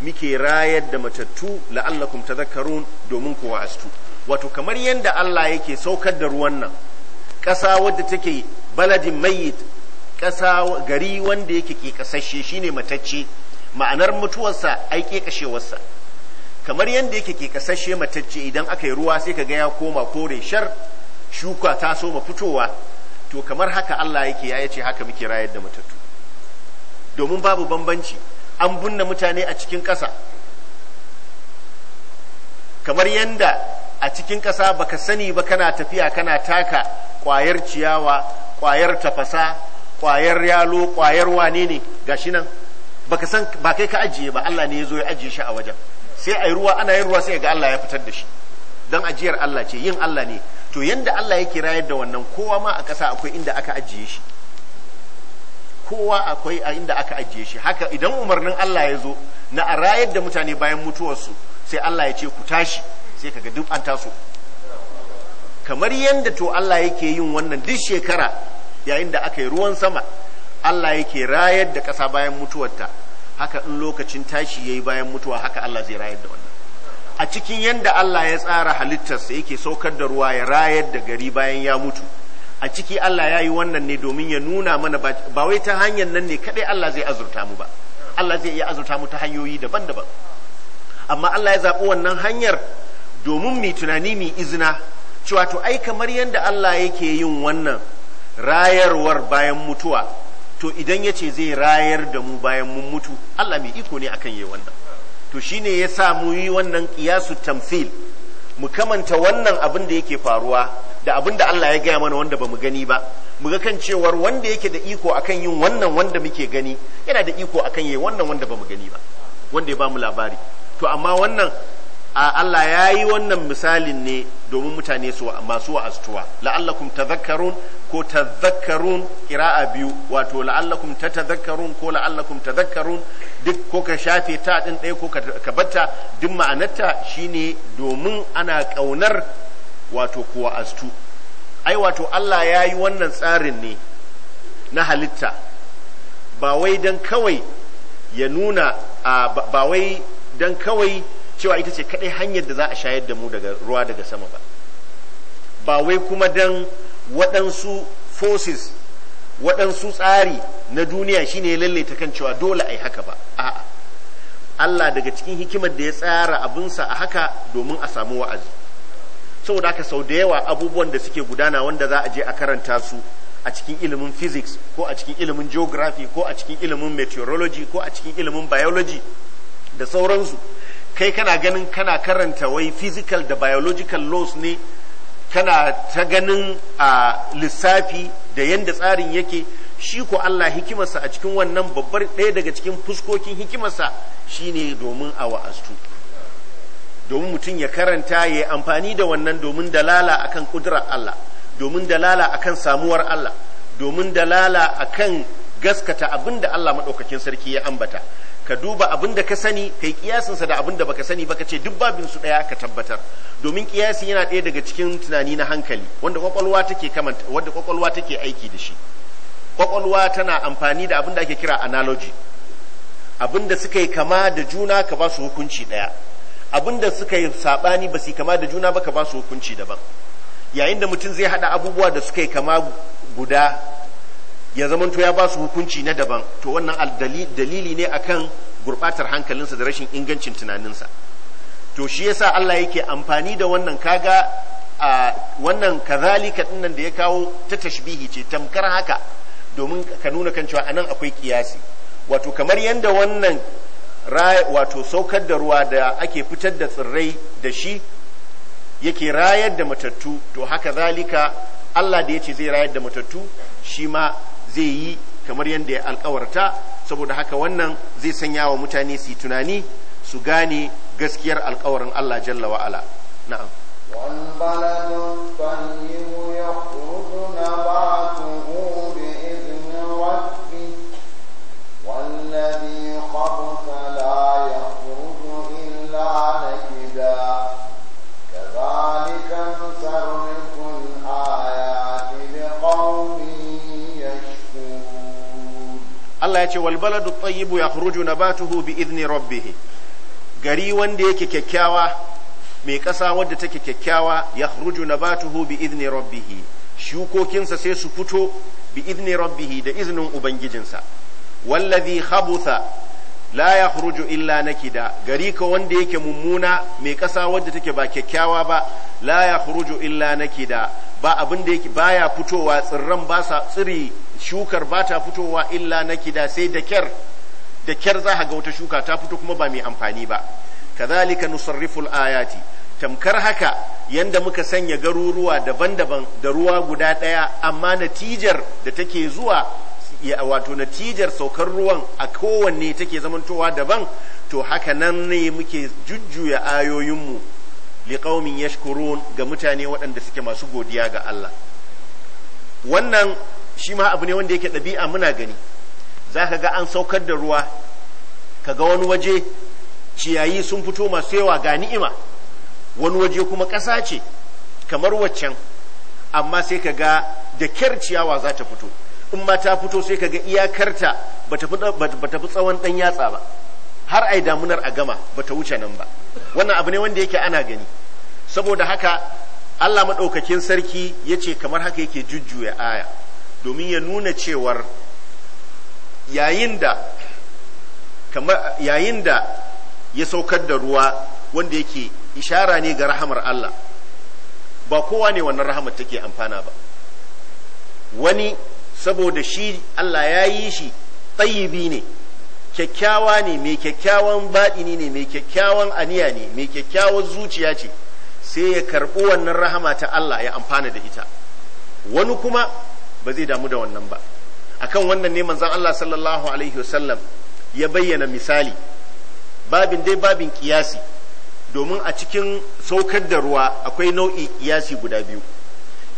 muke rayar da matattu la'allakum tadhakkarun domin ku wa'astu wato kamar yadda Allah yake saukar da ruwan nan ƙasa wadda take baladin mayyit ƙasa gari wanda yake ke kasashe shine matacce ma'anar mutuwarsa ai kashewarsa kamar yadda yake ke kasashe matacce idan aka yi ruwa sai ka ga ya koma kore shar shuka ta so ma fitowa to kamar haka Allah yake ya ce haka muke rayar da matattu domin babu bambanci an bunne mutane a cikin ƙasa kamar yadda a cikin ƙasa baka sani ba kana tafiya kana taka ƙwayar ciyawa ƙwayar tafasa ƙwayar yalo ƙwayar wane ne gashi nan baka san ba kai ka ajiye ba Allah ne ya zo ya ajiye shi a wajen sai ai ruwa ana yin ruwa sai ga Allah ya fitar da shi dan ajiyar Allah ce yin Allah ne to yanda Allah yake rayar da wannan kowa ma a ƙasa akwai inda aka ajiye shi kowa akwai a inda aka ajiye shi haka idan umarnin Allah ya zo na a rayar da mutane bayan mutuwarsu sai Allah ya ce ku tashi sai kaga duk an taso kamar yadda to Allah yake yin wannan duk shekara yayin da aka yi ruwan sama Allah yake rayar da ƙasa bayan mutuwarta haka in lokacin tashi yayi bayan mutuwa haka Allah zai rayar da wannan a cikin yadda Allah ya tsara halittarsa yake saukar da ruwa ya rayar da gari bayan ya mutu a ciki Allah ya yi wannan ne domin ya nuna mana ba wai ta hanyar nan ne kaɗai Allah zai azurta mu ba Allah zai iya azurta mu ta hanyoyi daban-daban amma Allah ya zaɓi wannan hanyar domin mai tunani mai izina cewa to ai kamar yadda Allah yake yin wannan rayarwar bayan mutuwa to idan ya ce zai rayar da mu bayan mun mutu Allah mai iko ne akan yi wannan to shine ya sa mu yi wannan kiyasu tamfil mu kamanta wannan abin da yake faruwa da abin da Allah ya gaya mana wanda ba mu gani ba mu ga kan cewar wanda yake da iko akan yin wannan wanda muke gani yana da iko akan yi wannan wanda ba gani ba wanda ya ba mu labari to amma wannan a Allah ya yi wannan misalin ne domin mutane su masu wa'astuwa la'allakum tadhakkarun ko tadhakkarun kira'a biyu wato la'allakum ta tatadhakkarun ko la'allakum tadhakkarun duk ko ka shafe ta din ɗaya ko ka batta duk ma'anarta shine domin ana ƙaunar wato ko wa'astu ai wato Allah ya yi wannan tsarin ne na halitta ba wai dan kawai ya nuna ba wai dan kawai cewa ita ce kadai hanyar da za a shayar da mu daga ruwa daga sama ba ba wai kuma dan waɗansu forces waɗansu tsari na duniya shine ya ta kan cewa dole a yi haka ba a'a Allah daga cikin hikimar da ya tsara abinsa a haka domin a samu wa'azi saboda haka sau da yawa abubuwan da suke gudana wanda za a je a karanta su a cikin ilimin physics ko a cikin ilimin geography ko a cikin ilimin meteorology ko a cikin ilimin biology da sauransu kai kana ganin kana karanta wai physical da biological laws ne kana ta ganin a lissafi da yadda tsarin yake shi ko Allah hikimarsa a cikin wannan babbar ɗaya daga cikin fuskokin hikimarsa shine domin a wa'astu domin mutum ya karanta ya yi amfani da wannan domin dalala akan kudurar Allah domin dalala akan samuwar Allah domin dalala akan gaskata abin da Allah maɗaukakin sarki ya ambata ka duba abin da ka sani kai kiyasinsa da abin da baka sani baka ce duk babin su ka tabbatar domin kiyasi yana ɗaya daga cikin tunani na hankali wanda kwakwalwa take aiki da shi kwakwalwa tana amfani da abin da ake kira analogy abin da suka yi kama da juna ka ba su hukunci daya abin da suka yi saɓani ba su kama da juna ba ka ba su hukunci daban yayin da mutum zai haɗa abubuwa da suka yi kama guda ya zamanto ya ba su hukunci na daban to wannan dalili ne akan gurbatar hankalinsa da rashin ingancin tunaninsa to shi yasa Allah yake amfani da wannan kaga a wannan kazalika dinnan da ya kawo ta tashbihi ce tamkar haka domin ka nuna kan cewa anan akwai kiyasi wato kamar yanda wannan wato saukar da ruwa da ake fitar da tsirrai da shi yake rayar da matattu to haka zalika Allah da ya ce zai rayar da matattu shi ma zai yi kamar yadda ya alkawarta saboda haka wannan zai sanya wa mutane su tunani su gane gaskiyar alkawarin Allah jalla wa'ala na'am Allah ya ce wal baladu tayyibu yakhruju nabatuhu bi idni rabbih gari wanda yake kyakkyawa mai ƙasa wadda take kyakkyawa yakhruju nabatuhu bi idni rabbih shukokinsa sai su fito bi idni rabbih da iznin ubangijinsa wallazi khabutha la yakhruju illa nakida gari ka wanda yake mummuna mai ƙasa wadda take ba kyakkyawa ba la yakhruju illa nakida ba abin da yake baya fitowa tsirran ba sa tsiri shukar ba ta fitowa illa na kida sai da kyar da kyar za ga wata shuka ta fito kuma ba mai amfani ba kazalika nusarriful ayati tamkar haka yanda muka sanya garuruwa daban-daban da ruwa guda ɗaya amma natijar da take zuwa wato natijar saukar ruwan a kowanne take zamantowa daban to haka nan ne muke jujjuya ayoyinmu liƙaumin yashkurun ga mutane waɗanda suke masu godiya ga Allah wannan shi ma abu ne wanda yake ɗabi'a muna gani za ka ga an saukar da ruwa ka ga wani waje ciyayi sun fito masu yawa ga ni'ima wani waje kuma ƙasa ce kamar waccan amma sai ka ga da kyar ciyawa za ta fito in ma ta fito sai ka ga iyakarta ba ta fi tsawon ɗan yatsa ba har ai damunar a gama ba ta wuce nan ba wannan abu ne wanda yake ana gani saboda haka allah maɗaukakin sarki ya ce kamar haka yake jujjuya aya domin ya nuna cewar yayin da ya saukar da ruwa wanda yake ishara ne ga rahamar Allah ba kowa ne wannan rahamar take amfana ba wani saboda shi Allah ya yi shi tsayibi ne kyakkyawa ne mai kyakkyawan baɗini ne mai kyakkyawan aniya ne mai kyakkyawan zuciya ce sai ya karɓi wannan rahama ta Allah ya amfana da ita wani kuma ba zai damu da wannan ba akan wannan ne manzon Allah sallallahu alaihi wasallam ya bayyana misali babin dai babin kiyasi domin a cikin saukar da ruwa akwai nau'i kiyasi guda biyu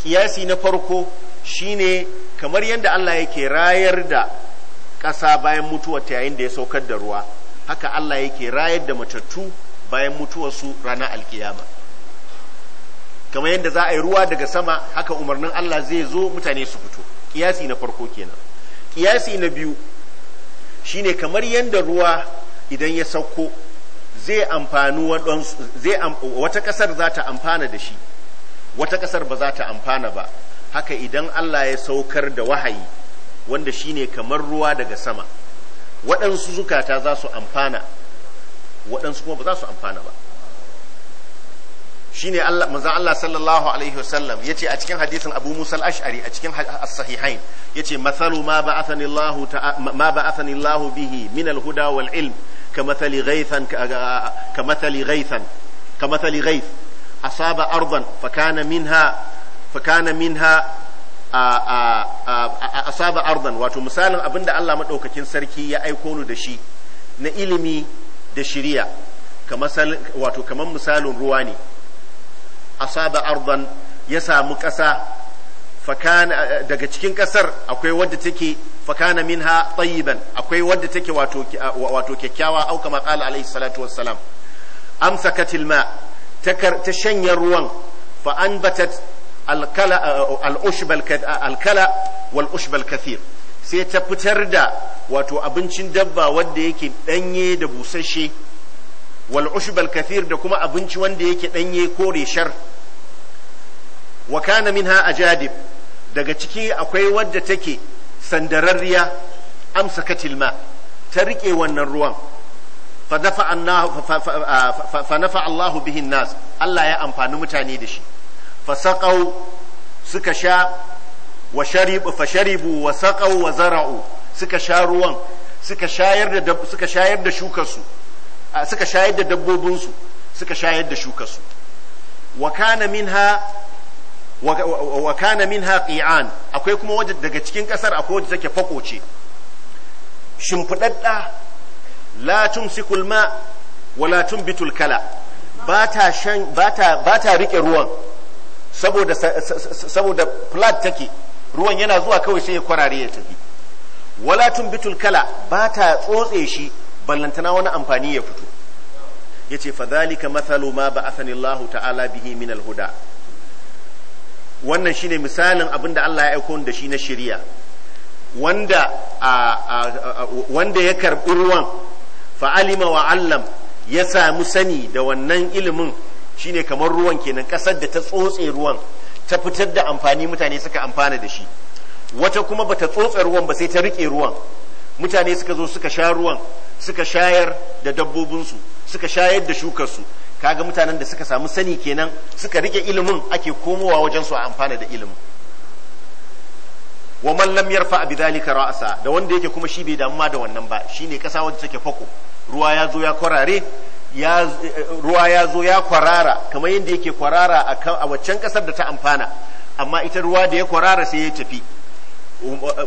kiyasi na farko shine kamar yadda Allah yake rayar da ƙasa bayan mutuwar ta yayin da ya saukar da ruwa haka Allah yake rayar da matattu bayan mutuwarsu ranar alkiyama kamar yadda za a yi ruwa daga sama haka umarnin Allah zai zo mutane su fito kiyasi na farko kenan kiyasi na biyu shine kamar yadda ruwa idan ya sauko zai amfani wata ƙasar za ta amfana da shi wata ƙasar ba za ta amfana ba haka idan Allah ya saukar da wahayi wanda shine kamar ruwa daga sama waɗansu zukata za su amfana waɗansu kuma ba za su amfana ba shine Allah manzon Allah sallallahu alaihi wasallam yace a cikin hadisin Abu Musa al-Ash'ari a cikin as-sahihain yace mathalu ma ba'athani Allah ma ba'athani Allah bihi min al-huda wal ilm kamathali ghaythan kamathali ghaythan kamathali ghayth asaba ardan fakana minha fakana minha asaba ardan wato misalin abinda Allah madaukakin sarki ya aiko ni da shi na ilimi da shiriya wato kamar misalin ruwa ne asaba ardan ya samu ƙasa daga cikin ƙasar akwai wadda take fakana minha tayyiban akwai wadda take wato kyakkyawa au kama qala alaihi salatu wassalam Amsa Katilma ta shanya ruwan fa anbatat alkala alkala wal ushbal kathir sai ta fitar da wato abincin dabba wanda yake ɗanye da busasshe wal ushbal kathir da kuma abinci wanda yake danye kore shar wa kana minha ajadib daga ciki akwai wadda take sandararriya amsa katilma ta rike wannan ruwan fa ah, nafa Allahu bihin nas Allah ya amfani mutane da shi fa suka sha wa sharibu fa sharibu wa saqau wa zara'u suka sha ruwan suka shayar da suka shayar da shukar su suka shayar da dabbobinsu suka shayar da shukarsu wa kana minha ha ƙi'an akwai kuma wajen daga cikin ƙasar akwai waje take fakoce shimfiɗaɗɗa shimfiɗaɗɗa sikulma sikulma wa la bitul kala ba ta shan ruwan saboda flat take ruwan yana zuwa kawai sai ya kwarare ya tafi wala bitul kala ba ta tsotse shi ballantana wani amfani ya fito ya ce fadhalika mathalu ma ba'athani Allah ta'ala bihi min huda wannan shine misalin abinda Allah ya aiko da shi na shari'a wanda wanda ya karɓi ruwan fa'alima wa allam ya samu sani da wannan ilimin shine kamar ruwan kenan ƙasar da ta tsotse ruwan ta fitar da amfani mutane suka amfana da shi wata kuma bata tsotse ruwan ba sai ta riƙe ruwan mutane suka zo suka sha ruwan suka shayar da dabbobinsu suka shayar da shukarsu kaga mutanen da suka samu sani kenan suka rike ilimin ake komowa wajen su a amfana da ilimin wa man lam yarfa bi dhalika ra'sa da wanda yake kuma shi bai damu ma da wannan ba shine kasa wanda take fako ruwa ya zo ya kwarare ya ruwa ya zo ya kwarara kamar yadda yake kwarara a waccan kasar da ta amfana amma ita ruwa da ya kwarara sai ya tafi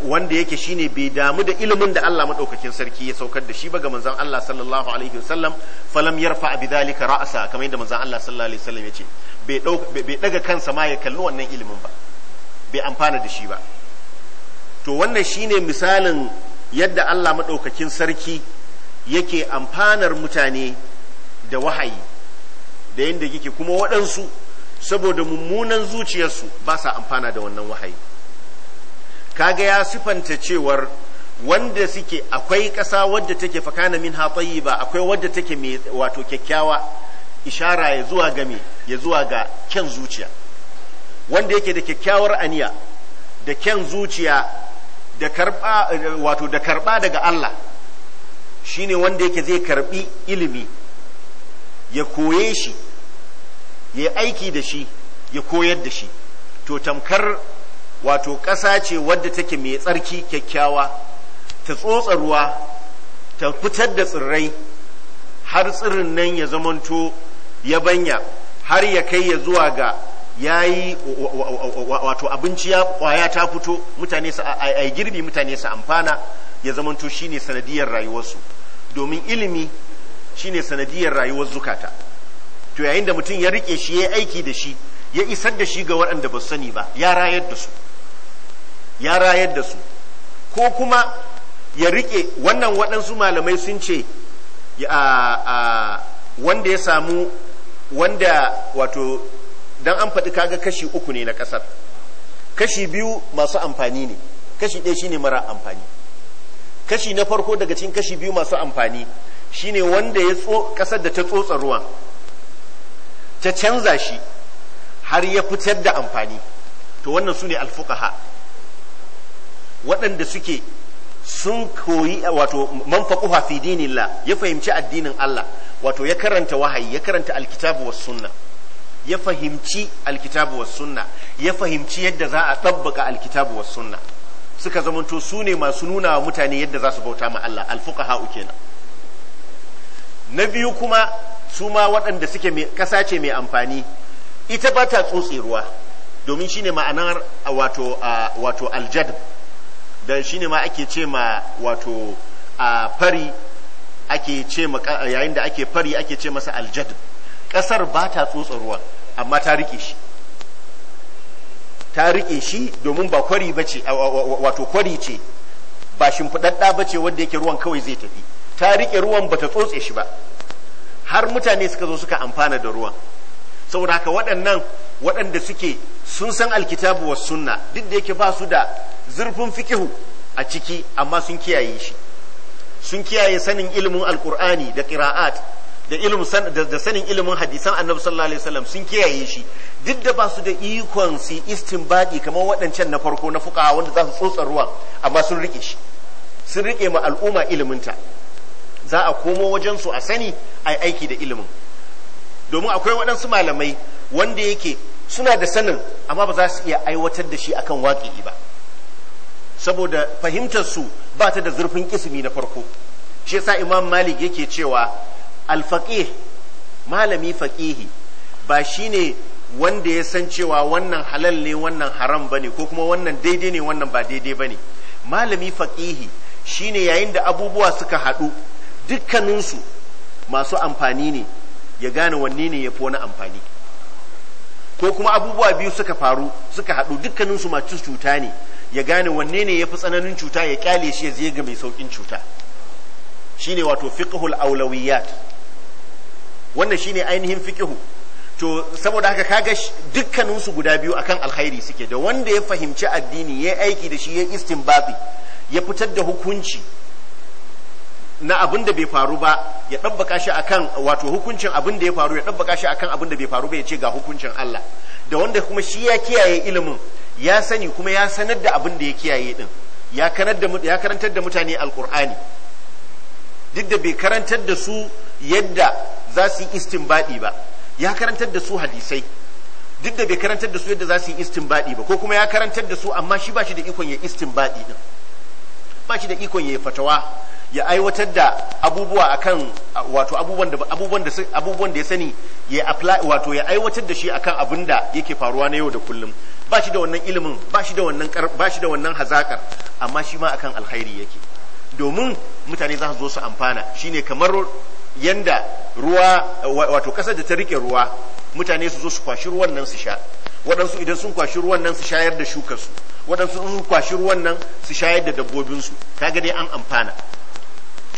wanda yake shine bai damu da ilimin da Allah madaukakin sarki ya saukar da shi ba ga manzon Allah sallallahu alaihi wasallam falam yarfa bi ra'sa kamar yadda manzon Allah sallallahu alaihi wasallam yace bai bai daga kansa ma ya kalli wannan ilimin ba bai amfana da shi ba to wannan shine misalin yadda Allah madaukakin sarki yake amfanar mutane da wahayi da yanda yake kuma waɗansu saboda mummunan zuciyarsu ba sa amfana da wannan wahayi kaga ya sifanta cewar wanda suke akwai ƙasa wadda take fakana min hatsayi ba akwai wadda take mai wato kyakkyawa ishara ya zuwa ga me ya zuwa ga kyan zuciya wanda yake da kyakkyawar aniya da kyan zuciya da karba wato da karba daga Allah shine wanda yake zai karbi ilimi ya koye shi ya aiki da shi ya koyar da shi to tamkar wato ƙasa ce wadda take mai tsarki kyakkyawa ta tsotsa ruwa ta fitar da tsirrai har tsirin nan ya zamanto ya banya har ya kai ya zuwa ga yayi wato abinci ya kwaya ta fito mutane su ai girbi mutane su amfana ya zamanto shine sanadiyar rayuwarsu domin ilimi shine sanadiyar rayuwar zukata to yayin da mutum ya rike shi ya aiki da shi ya isar da shi ga waɗanda ba sani ba ya rayar da su ya rayar da su ko kuma ya rike wannan waɗansu malamai sun ce wanda ya samu wanda wato don an faɗi kaga kashi uku ne na ƙasar kashi biyu masu amfani ne kashi ɗaya shine mara amfani kashi na farko daga cikin kashi biyu masu amfani shine wanda ya tso ƙasar da ta tsotsa ruwan ta canza shi har ya fitar da amfani to wannan su ne alfukaha waɗanda suke sun koyi wato man faquha fi dinillah ya fahimci addinin Allah wato ya karanta wahayi ya karanta alkitabu sunna ya fahimci alkitabu sunna ya fahimci yadda za a tabbaka alkitabu sunna suka zamanto su ne masu nuna wa mutane yadda za su bauta ma Allah ha'u kenan na biyu kuma su ma waɗanda suke kasa ce mai amfani ita ba ta tsotse ruwa domin shine ma'anar wato wato aljadb dan shine ma ake ce ma wato a fari ake ce ma yayin da ake fari ake ce masa aljad kasar ba ta tsotsa ruwan amma ta rike shi ta rike shi domin ba kwari bace wato kwari ce ba shimfidadda bace wanda yake ruwan kawai zai tafi ta rike ruwan ba ta tsotse shi ba har mutane suka zo suka amfana da ruwan saboda haka waɗannan waɗanda suke sun san alkitabu wa sunna duk da yake ba su da zurfin fikihu a ciki amma sun kiyaye shi sun kiyaye sanin ilimin alkur'ani da qira'at da ilimin da sanin ilimin hadisan annabi sallallahu alaihi wasallam sun kiyaye shi duk da ba su da ikon su istinbadi kamar waɗancan na farko na fuka wanda za su tsotsa ruwa amma sun riƙe shi sun rike ma al'umma iliminta za a komo wajen su a sani a aiki da ilimin domin akwai waɗansu malamai wanda yake suna da sanin amma ba za su iya aiwatar da shi akan waƙi ba saboda fahimtar su ba ta da zurfin kismi na farko shi yasa imam malik yake cewa alfaqih malami faqihi ba shine wanda ya san cewa wannan halal ne wannan haram bane ko kuma wannan daidai ne wannan ba daidai bane malami faqihi shine yayin da abubuwa suka haɗu dukkaninsu masu amfani ne ya gane wanne ne ya fi wani amfani ko kuma abubuwa biyu suka faru suka haɗu dukkaninsu masu cuta ne ya gane wanne ne ya fi tsananin cuta ya kyale shi ya zai ga mai saukin cuta shi ne wato fiƙihul aulawiyat wannan ne ainihin fiƙihu to saboda haka kaga dukkanin su guda biyu akan alkhairi suke da wanda ya fahimci addini ya aiki da shi ya istinbati ya fitar da hukunci na abin da bai faru ba ya ɗabbaka shi akan wato hukuncin abin da ya faru ya ɗabbaka shi akan abin da bai faru ba ya ce ga hukuncin Allah da wanda kuma shi ya kiyaye ilimin ya sani kuma ya sanar da abin da ya kiyaye din ya karantar da mutane alkur'ani duk da bai karantar da su yadda za su yi istinbadi ba ya karantar da su hadisai duk da bai karantar da su yadda za su yi istinbadi ba ko kuma ya karantar da su amma shi ba shi da ikon ya istinbadi din ba shi da ikon ya fatawa ya aiwatar da abubuwa akan wato abubuwan da abubuwan da abubuwan da ya sani ya apply wato ya aiwatar da shi akan abin da yake faruwa na yau da kullum ba shi da wannan ilimin ba shi da wannan ba shi da wannan hazakar amma shi ma akan alkhairi yake domin mutane za su zo su amfana shine kamar yanda ruwa wato kasar da ta rike ruwa mutane su zo su kwashi ruwan nan su sha waɗansu idan sun kwashi ruwan nan su shayar da shukar su waɗansu sun kwashi ruwan nan su shayar da dabbobin su kaga dai an amfana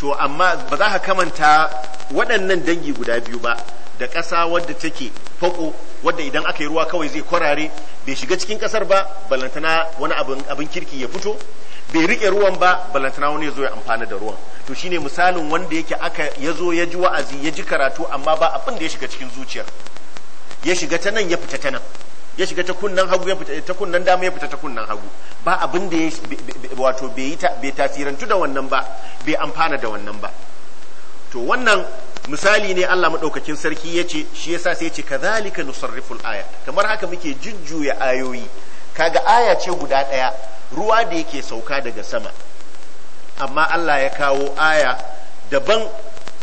to amma ba za ka kamanta waɗannan dangi guda biyu ba da ƙasa wadda take fako wadda idan aka yi ruwa kawai zai kwarare bai shiga cikin ƙasar ba balantana wani abin kirki ya fito bai rike ruwan ba balantana wani ya zo ya amfana da ruwan to shine misalin wanda yake aka ya zo ya ji wa'azi ya ji karatu amma ba abin da ya shiga cikin zuciyar ya shiga ta nan ya fita ta nan ya shiga ta kunnan hagu ya fita ta kunnan dama ya fita ta kunnan hagu ba abin da ya wato bai tasirantu da wannan ba bai amfana da wannan ba to wannan misali ne Allah madaukakin sarki ya ce shi yasa sai ya ce kadhalika nusarriful aya. kamar haka muke jujjuya ayoyi kaga aya ce guda ɗaya ruwa da yake sauka daga sama amma Allah ya kawo aya daban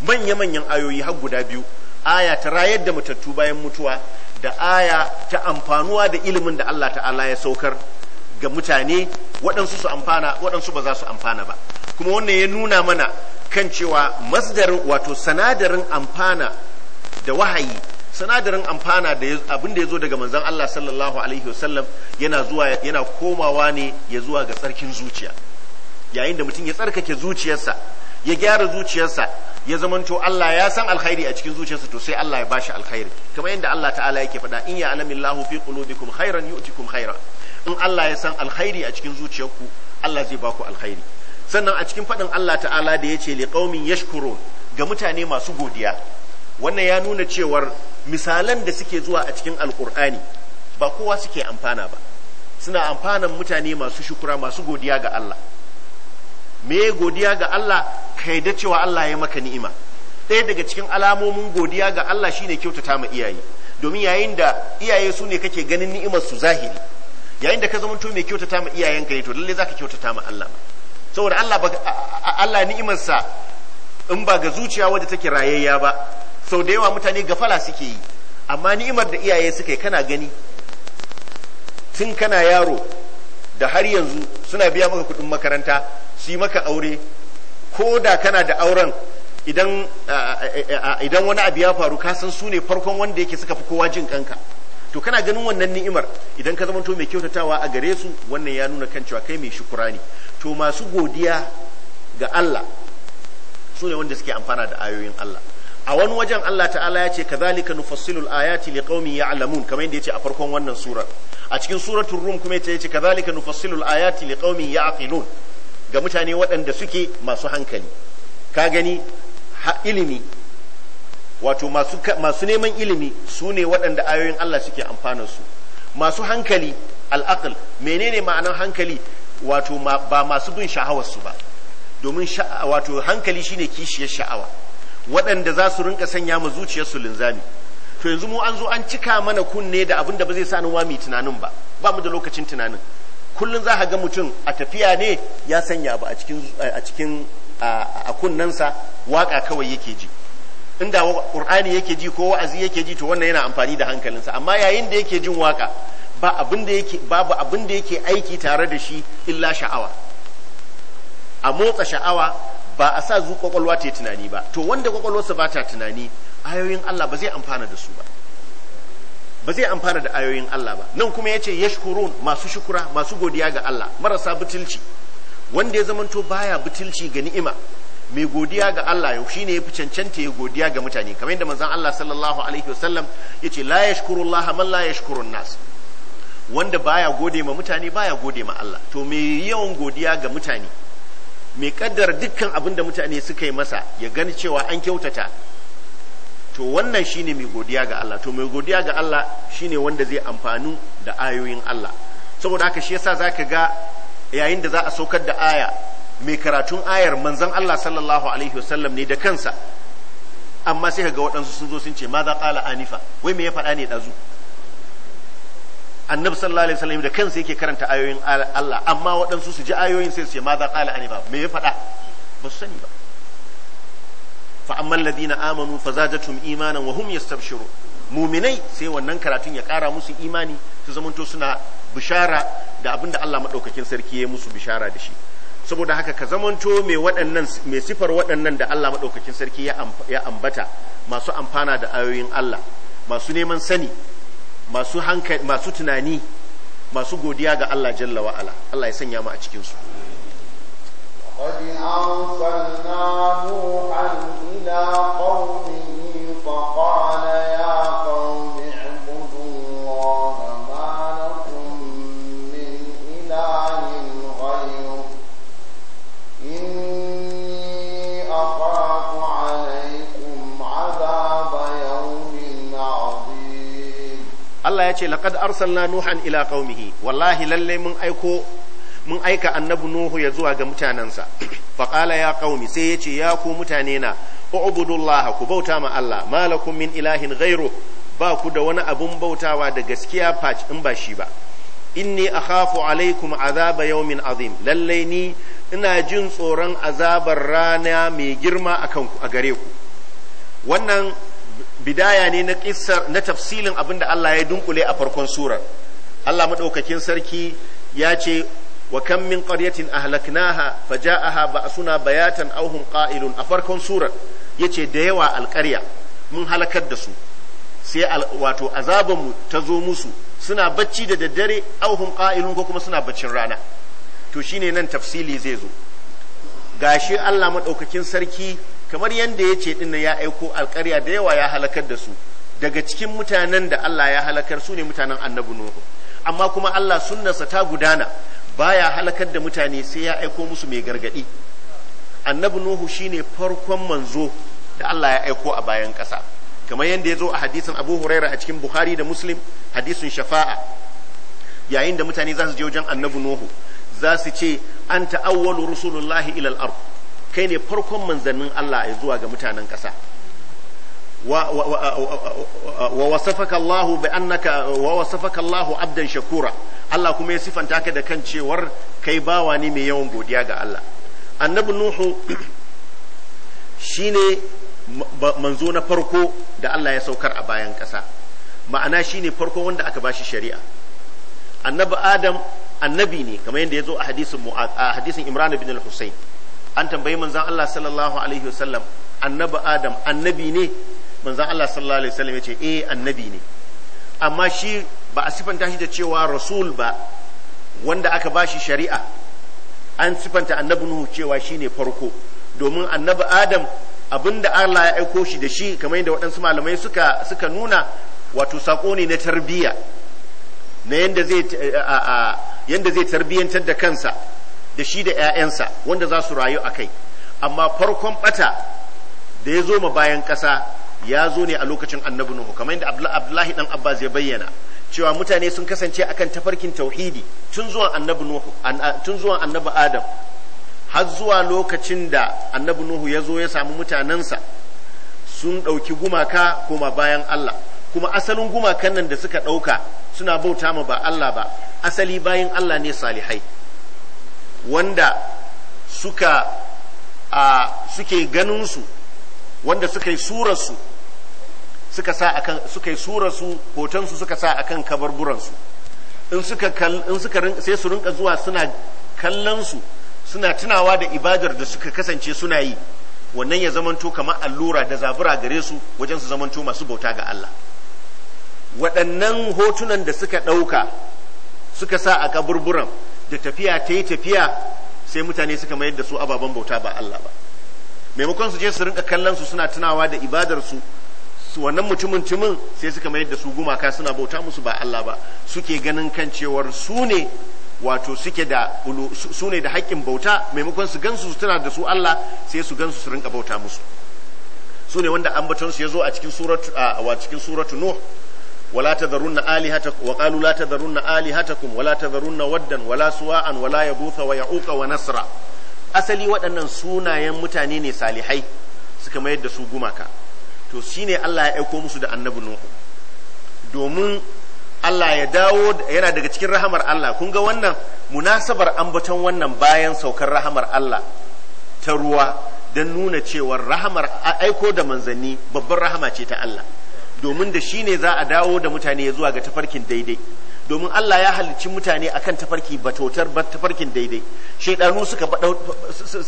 manya-manyan ayoyi har guda biyu aya ta rayar da matattu bayan mutuwa da aya ta amfanuwa da ilimin da Allah ta'ala ya saukar ga mutane waɗansu su amfana waɗansu ba za su amfana ba kuma wannan ya nuna mana kan cewa masdarin wato sanadarin amfana da wahayi sanadarin amfana da abin da ya zo daga manzon Allah sallallahu alaihi wasallam yana zuwa yana komawa ne ya zuwa ga tsarkin zuciya yayin da mutum ya tsarkake zuciyarsa ya gyara zuciyarsa ya zamanto Allah ya san alkhairi a cikin zuciyarsa to sai Allah ya shi alkhairi kamar yadda Allah ta'ala yake faɗa in ya Alamin lahu fi qulubikum khairan yu'tikum khairan in Allah ya san alkhairi a cikin zuciyarku Allah zai ba ku alkhairi sannan a cikin faɗin Allah ta'ala da ya ce liƙaumin yashkuro ga mutane masu godiya wannan ya nuna cewar misalan da suke zuwa a cikin alƙur'ani ba kowa suke amfana ba suna amfanan mutane masu shukura masu godiya ga Allah me godiya ga Allah kai da cewa Allah ya maka ni'ima ɗaya daga cikin alamomin godiya ga Allah shine kyautata ma iyaye domin yayin da iyaye su ne kake ganin ni'imar su zahiri yayin da ka zama mutum mai kyautata ma iyayenka ne to lalle zaka kyautata ma Allah saboda Allah ni'imarsa in ba ga zuciya wadda take rayayya ba sau da yawa mutane gafala suke yi amma ni'imar da iyaye suka yi kana gani tun kana yaro da har yanzu suna biya maka kudin makaranta su yi maka aure ko da kana da auren idan wani abu ya faru kasan su ne farkon wanda yake suka fi kowa jin kanka to kana ganin wannan ni'imar idan ka zamanto mai kyautatawa a gare su wannan ya nuna kan cewa kai mai shukura ne to masu godiya ga Allah su ne wanda suke amfana da ayoyin Allah a wani wajen Allah ta'ala ya ce kazalika nufassilu al-ayati liqaumin ya'lamun kamar yadda yace a farkon wannan surar a cikin suratul rum kuma yace ka kazalika nufassilu al-ayati liqaumin ya'qilun ga mutane waɗanda suke masu hankali ka gani ilimi wato masu neman ilimi su ne waɗanda ayoyin Allah suke amfana su masu hankali al'aql menene ma'anar hankali wato ba masu bin sha'awarsu ba domin wato hankali shine kishiyar sha'awa waɗanda za su rinka sanya ma zuciyarsu linzami to yanzu mu an zo an cika mana kunne da abin da ba zai sa ni mai tunanin ba ba mu da lokacin tunanin kullum za ka ga mutum a tafiya ne ya sanya ba a cikin a kunnen sa waka kawai yake ji inda qur'ani yake ji ko wa'azi yake ji to wannan yana amfani da hankalinsa amma yayin da yake jin waka ba abin da yake babu abin da yake aiki tare da shi illa sha'awa a motsa sha'awa ba a sa zuƙo kwakwalwa ta tunani ba to wanda kwakwalwarsa ba ta tunani ayoyin Allah ba zai amfana da su ba ba zai amfana da ayoyin Allah ba nan kuma yace yashkurun masu shukura masu godiya ga Allah marasa butulci wanda ya zamanto baya butulci ga ni'ima mai godiya ga Allah yau shine fi cancanta ya godiya ga mutane kamar yadda manzan Allah sallallahu alaihi wasallam yace la yashkurullaha man la yashkurun nas wanda baya gode ma mutane baya gode ma Allah to mai yawan godiya ga mutane mai kaddar dukkan abin da mutane suka yi masa ya gani cewa an kyautata to wannan shine mai godiya ga Allah to mai godiya ga Allah shine wanda zai amfanu da ayoyin Allah saboda haka shi yasa zaka ga yayin da za a saukar da aya mai karatun ayar manzon Allah sallallahu alaihi wasallam ne da kansa amma sai ga waɗansu sun zo sun ce ma za ƙala anifa wai me ya faɗa ne ɗazu annabi sallallahu alaihi wasallam da kansa yake karanta ayoyin Allah amma waɗansu su ji ayoyin sai su ce ma za ƙala anifa me ya faɗa ba su sani ba fa amma alladhina amanu fazadatum imanan wa hum yastabshirun muminai sai wannan karatun ya ƙara musu imani su zamanto suna bishara da abinda Allah madaukakin sarki ya musu bishara da shi saboda haka ka zamanto mai waɗannan mai sifar waɗannan da Allah maɗaukakin sarki ya ambata masu amfana da ayoyin Allah masu neman sani masu hankali masu tunani masu godiya ga Allah jalla wa Allah ya sanya mu a cikin su ce laqad arsalna nuhan ila qaumihi wallahi lalle mun aiko mun aika annabi nuhu ya zuwa ga mutanansa fa qala ya qaumi sai yace ya ku mutane na ubudullaha ku bauta ma Allah malakum min ilahin ghairu ba ku da wani abun bautawa da gaskiya fac in ba shi ba inni akhafu alaikum azaba yawmin azim lalle ni ina jin tsoron azabar rana mai girma akan a gare ku wannan bidaya ne na kissar na tafsilin abin da Allah ya dunkule a farkon surar Allah maɗaukakin sarki ya ce wa kam min qaryatin ahlaknaha faja'aha ba'suna bayatan aw hum qa'ilun a farkon surar yace da yawa alƙarya mun halakar da su sai wato azabanmu ta zo musu suna bacci da daddare auhun hum qa'ilun ko kuma suna baccin rana to shine nan tafsili zai zo gashi Allah maɗaukakin sarki kamar yadda ya ce ɗin ya aiko alƙarya da yawa ya halakar da su daga cikin mutanen da Allah ya halakar su ne mutanen annabi Nuhu amma kuma Allah sunnarsa ta gudana baya halakar da mutane sai ya aiko musu mai gargadi annabi Nuhu shine farkon manzo da Allah ya aiko a bayan ƙasa kamar yadda ya zo a hadisin Abu Huraira a cikin buhari da Muslim hadisin shafa'a yayin da mutane za su je wajen annabi Nuhu za su ce an awwalu rusulullahi ilal ard kai ne farkon manzannin Allah ya zuwa ga mutanen ƙasa wa wasafaka Allahu bi annaka wa wasafaka Allahu abdan shakura Allah kuma ya sifanta ka da kan cewar kai bawa ne mai yawan godiya ga Allah annabi nuhu shine manzo na farko da Allah ya saukar a bayan ƙasa ma'ana shine farko wanda aka bashi shari'a annabi adam annabi ne kamar yadda ya zo a hadisin imran bin al-husayn an tambayi manzan Allah sallallahu alaihi wasallam annabi Adam annabi ne manzan Allah sallallahu alaihi wasallam ya ce eh annabi ne amma shi ba a sifanta shi da cewa rasul ba wanda aka bashi shari'a an sifanta annabi Nuhu cewa shine farko domin annabi Adam abinda Allah ya aiko shi da shi kamar yadda waɗansu malamai suka suka nuna wato sako ne na tarbiyya na yanda zai yanda zai tarbiyantar da kansa da shi da 'ya'yansa wanda za su rayu a kai amma farkon bata da ya zo ma bayan ƙasa ya zo ne a lokacin annabi nuhu kamar yadda abdullahi dan abbas ya bayyana cewa mutane sun kasance akan tafarkin tauhidi tun zuwan annabi tun zuwan annabi adam har zuwa lokacin da annabi nuhu ya zo ya samu mutanensa sun ɗauki gumaka koma bayan allah kuma asalin gumakan nan da suka ɗauka suna bauta ma ba allah ba asali bayan allah ne salihai wanda suka a suke ganinsu wanda suka yi surarsu suka sa akan suka yi surarsu hotonsu suka sa akan kabarburansu in suka in suka sai su rinka zuwa suna kallon su suna tunawa da ibadar da suka kasance suna yi wannan ya zamanto kamar allura da zabura gare su wajen su zamanto masu bauta ga Allah waɗannan hotunan da suka ɗauka suka sa a kaburburan da tafiya ta yi tafiya sai mutane suka mayar da su ababen bauta ba Allah ba maimakon su je su rinka kallon su suna tunawa da ibadar su wannan mutumin tumin sai suka mayar da su gumaka suna bauta musu ba Allah ba suke ganin kan cewar su ne wato suke da su ne da haƙƙin bauta maimakon su gansu su tana da su Allah sai su gansu su rinka bauta musu su ne wanda ambaton su ya zo a cikin suratu a cikin suratu nuh ولا تذرن آلهتكم وقالوا لا تذرن آلهتكم ولا تذرن ودا ولا سواء ولا يغوث ويعوق ونسرا asali waɗannan sunayen mutane ne salihai suka mayar da su gumaka to shine Allah ya aiko musu da annabi Nuhu domin Allah ya dawo yana daga cikin rahamar Allah kun ga wannan munasabar ambaton wannan bayan saukar rahamar Allah ta ruwa don nuna cewa rahamar aiko da manzanni babbar rahama ce ta Allah domin da shi ne za a dawo da mutane zuwa ga tafarkin daidai domin Allah ya halicci mutane akan tafarki batotar ba tafarkin daidai shaidanu suka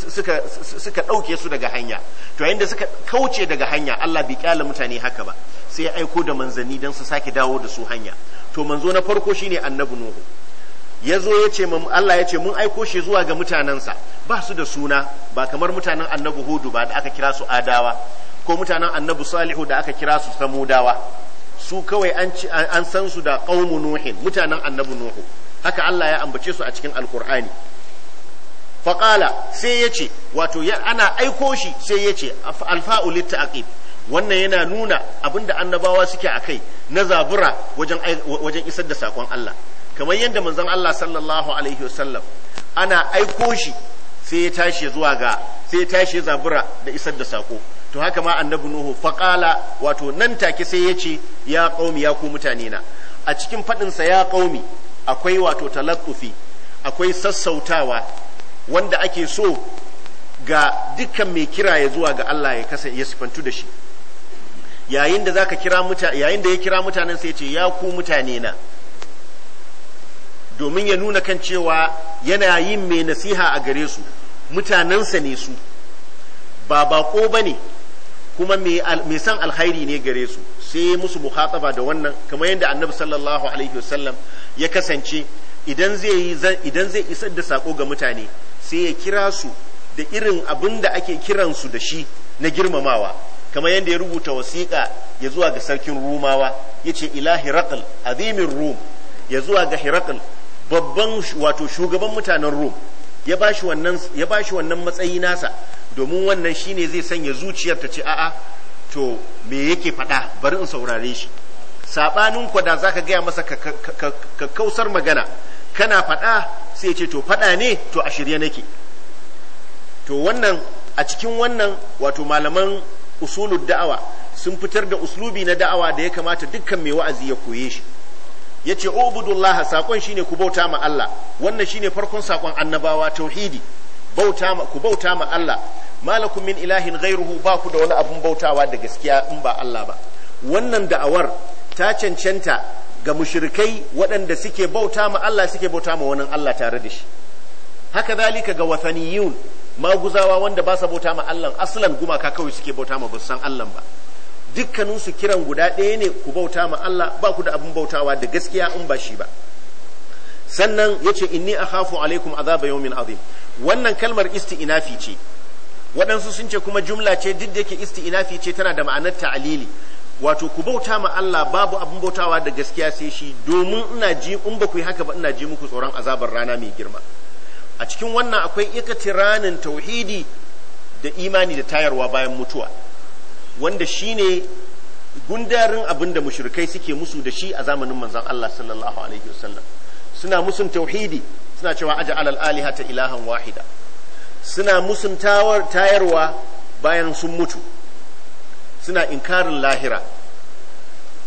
suka suka dauke su daga hanya to yayin da suka kauce daga hanya Allah bai kyala mutane haka ba sai ya aiko da manzanni dan su sake dawo da su hanya to manzo na farko shine annabi nuhu ya zo ya ce Allah ya ce mun aiko shi zuwa ga mutanensa ba su da suna ba kamar mutanen annabi hudu ba da aka kira su adawa ko mutanen annabi salihu da aka kira su samudawa su kawai an san su da qaumu nuhin mutanen annabi nuhu haka Allah ya ambace su a cikin alkur'ani faƙala sai ya ce wato ana aiko shi sai ya ce alfa'u wannan yana nuna abinda annabawa suke a kai na zabura wajen wajen isar da sakon Allah kamar yadda manzon Allah sallallahu alaihi wasallam ana aiko shi sai ya tashi zuwa ga sai ya tashi zabura da isar da sako to haka ma annabi nuhu faqala wato nan take sai yace ya qaumi ya ku mutane na a cikin fadin sa ya qaumi akwai wato talaqqufi akwai sassautawa wanda ake so ga dukkan mai kira ya zuwa ga Allah ya kasa ya sifantu da shi yayin da zaka kira mutane yayin da ya kira mutanen sai ya ce ya ku mutane na domin ya nuna kan cewa yana yin mai nasiha a gare su mutanensa ne su ba bako bane. kuma mai san alkhairi ne gare su sai musu mukhataba da wannan kamar yadda annabi sallallahu alaihi wasallam ya kasance idan zai idan isar da sako ga mutane sai ya kira su da irin abin da ake kiran su da shi na girmamawa kamar yadda ya rubuta wasiƙa ya zuwa ga sarkin rumawa ya ce ila hirakal azimin rum ya zuwa ga hirakal babban wato shugaban mutanen rum ya ba shi wannan matsayi nasa domin wannan shine zai sanya zuciyar ta ce a'a to me yake faɗa bari in saurare shi sabanin ku da zaka gaya masa ka kausar magana kana faɗa sai ce to faɗa ne to a shirye nake to wannan a cikin wannan wato malaman usulul da'awa sun fitar da uslubi na da'awa da ya kamata dukkan mai wa'azi ya koye shi ya ce ubudullaha saƙon shine ku bauta ma Allah wannan shine farkon saƙon annabawa tauhidi bauta ma ku bauta ma Allah malakum min ilahin ghairuhu ba ku da wani abun bautawa da gaskiya in ba Allah ba wannan da'awar ta cancanta ga mushrikai waɗanda suke bauta ma Allah suke bauta ma wani Allah tare da shi haka zalika ga wathaniyun maguzawa wanda ba sa bauta ma Allah aslan gumaka kawai suke bauta ma ba san Allah ba dukkanin su kiran guda ɗaya ne ku bauta ma Allah ba ku da abun bautawa da gaskiya in ba shi ba sannan yace inni akhafu alaikum azaba yawmin azim wannan kalmar isti'inafi ce waɗansu sun ce kuma jumla ce duk da yake isti'inafi ce tana da ma'anar ta'alili wato ku bauta ma Allah babu abin bautawa da gaskiya sai shi domin ina ji in ba ku yi haka ba ina ji muku tsoron azabar rana mai girma a cikin wannan akwai ikati ranin tauhidi da imani da tayarwa bayan mutuwa wanda shine gundarin abin da mushrikai suke musu da shi a zamanin manzon Allah sallallahu alaihi wasallam suna musun tauhidi suna cewa aja alal alihata ilahan wahida suna musun tayarwa bayan sun mutu suna inkarin lahira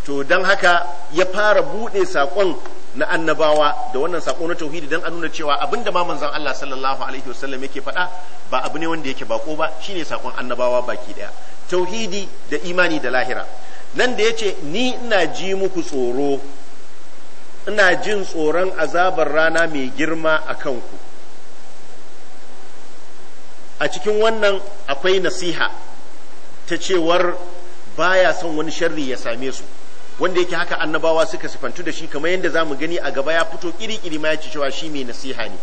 to don haka ya fara buɗe saƙon na annabawa da wannan saƙo na tauhidi don a nuna cewa abinda ma manzon Allah sallallahu alaihi wasallam yake faɗa ba abu ne wanda yake bako ba shine saƙon annabawa baki ɗaya tauhidi da imani da lahira nan da ya ce ni ina ji muku tsoro ina jin tsoron azabar rana mai girma a kanku a cikin wannan akwai nasiha ta cewar baya son wani sharri ya same su wanda yake haka annabawa suka sifantu da shi kamar yadda za mu gani a gaba ya fito kiri-kiri ma ya ci cewa shi mai nasiha ne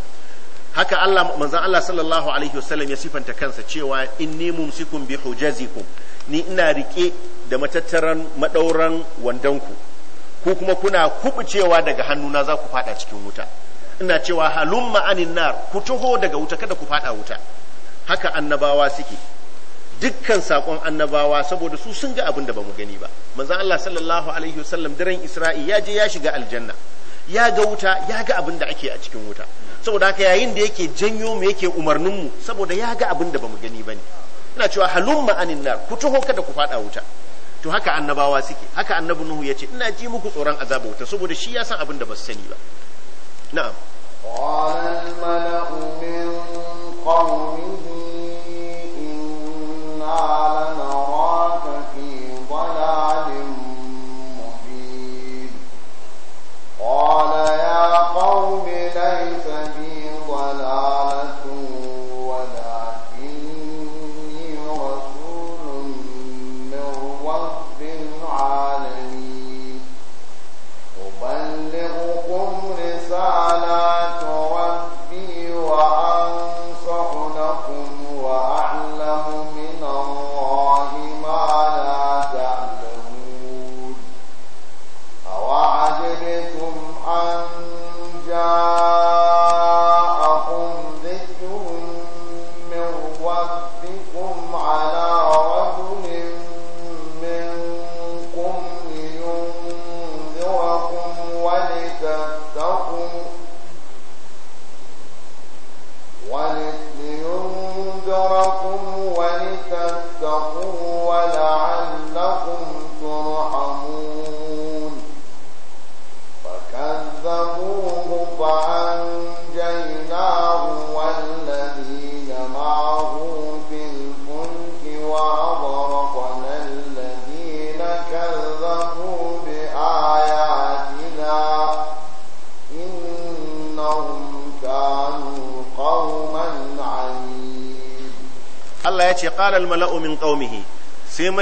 haka Allah manzan Allah sallallahu alaihi wasallam ya sifanta kansa cewa inni mumsikum bi hujazikum ni ina rike da matattaran madauran wandanku ko kuma kuna kubucewa daga hannuna za ku fada cikin wuta ina cewa halumma ma'anin nar ku taho daga wuta kada ku fada wuta haka annabawa suke dukkan sakon annabawa saboda su sun ga abin da bamu gani ba manzo Allah sallallahu alaihi wasallam daren Isra'i ya je ya shiga aljanna ya ga wuta ya ga abin da ake a cikin wuta saboda haka yayin da yake janyo mu yake umarnin mu saboda ya ga abin da bamu gani bane ina cewa halumma ma'anin nar ku taho kada ku fada wuta to haka annabawa suke haka annabi nuhu yace ina ji muku tsoron azaba wuta saboda shi ya san abin da ba su sani ba na'am qala min qawmihi inna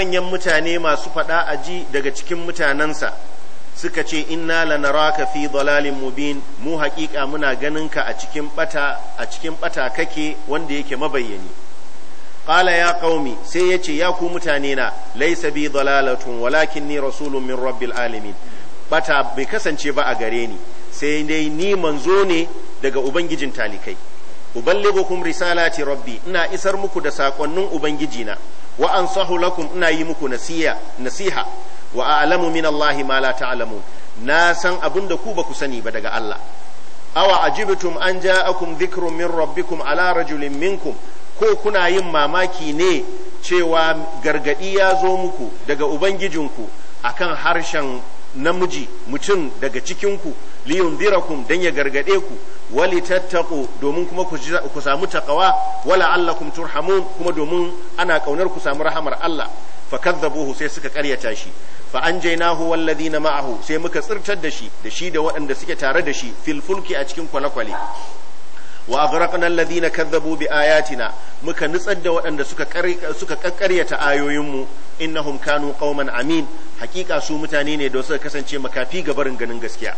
manyan mutane masu faɗa a ji daga cikin mutanensa suka ce inna lanaraka fi dalalin mubin mu haƙiƙa muna ganin ka a cikin bata a cikin bata kake wanda yake mabayyani qala ya qaumi sai yace ya ku mutane na laysa bi dalalatun walakin ni rasulun min rabbil alamin bata bai kasance ba a gare ni sai dai ni manzo ne daga ubangijin talikai uballighukum risalati rabbi ina isar muku da sakonnin ubangijina wa ansahu lakum ina yi muku nasiha nasiha wa a'lamu min Allahi ma la ta'lamun na san abin da ku ba ku sani ba daga Allah awa ajibtum an ja'akum dhikrun min rabbikum ala rajulin minkum ko kuna yin mamaki ne cewa gargadi ya zo muku daga ubangijinku akan harshen namiji mutum daga cikin cikinku liyundirakum dan ya gargade ku wali tattaku domin kuma ku samu takawa wala allakum turhamun kuma domin ana kaunar ku samu rahamar Allah fa kadzabuhu sai suka karyata shi fa anjaynahu walladhina ma'ahu sai muka tsirtar da shi da shi da waɗanda suke tare da shi fil fulki a cikin kwalakwale wa aghraqna alladhina kadzabu bi ayatina muka nutsar da waɗanda suka suka kakkaryata ayoyinmu innahum kanu qauman amin hakika su mutane ne da suka kasance makafi ga barin ganin gaskiya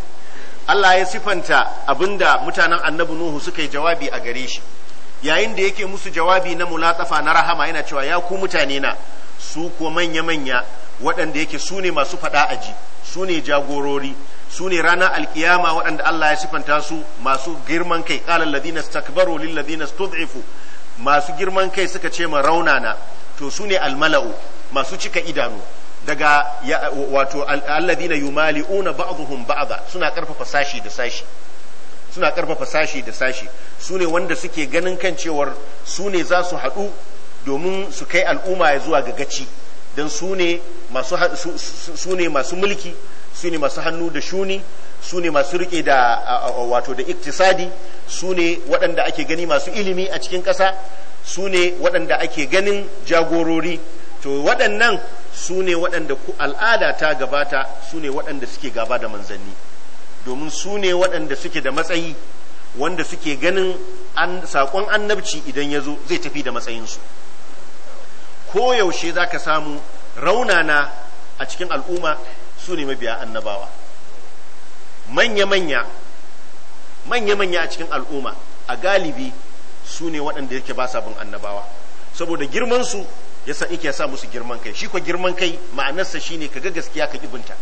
Allah ya sifanta abinda mutanen annabi Nuhu suka yi jawabi a gare shi yayin da yake musu jawabi na mulatsafa na rahama yana cewa ya ku mutane na su ko manya-manya waɗanda yake su ne masu faɗa aji su ne jagorori su ne ranar alkiyama waɗanda Allah ya sifanta su masu girman kai ƙalar ladina stakbaru lil ladina stud'ifu masu girman kai suka ce ma raunana to su ne almala'u masu cika idanu daga wato alladhina yumali'una ba'dhum ba'dha suna karfafa sashi da sashi suna karfafa sashi da sashi su ne wanda suke ganin kan cewar su ne za su haɗu domin su kai al'umma ya zuwa ga gaci don su ne masu mulki su ne masu hannu da shuni su ne masu rike da wato da iktisadi su ne waɗanda ake gani masu ilimi a cikin ƙasa su ne waɗanda ake ganin jagorori to waɗannan su ne waɗanda al'ada ta gabata su ne waɗanda suke gaba da manzanni domin su ne waɗanda suke da matsayi wanda suke ganin saƙon annabci idan ya zo zai tafi da matsayinsu koyaushe za ka samu raunana a cikin al'umma su ne mabiya annabawa manya-manya manya-manya a cikin al'umma a galibi su ne waɗanda yake ba sabon annabawa saboda girmansu Ya yasa ya sa musu girman kai shi ko girman kai ma'anarsa shi shine ga gaskiya ka kibinta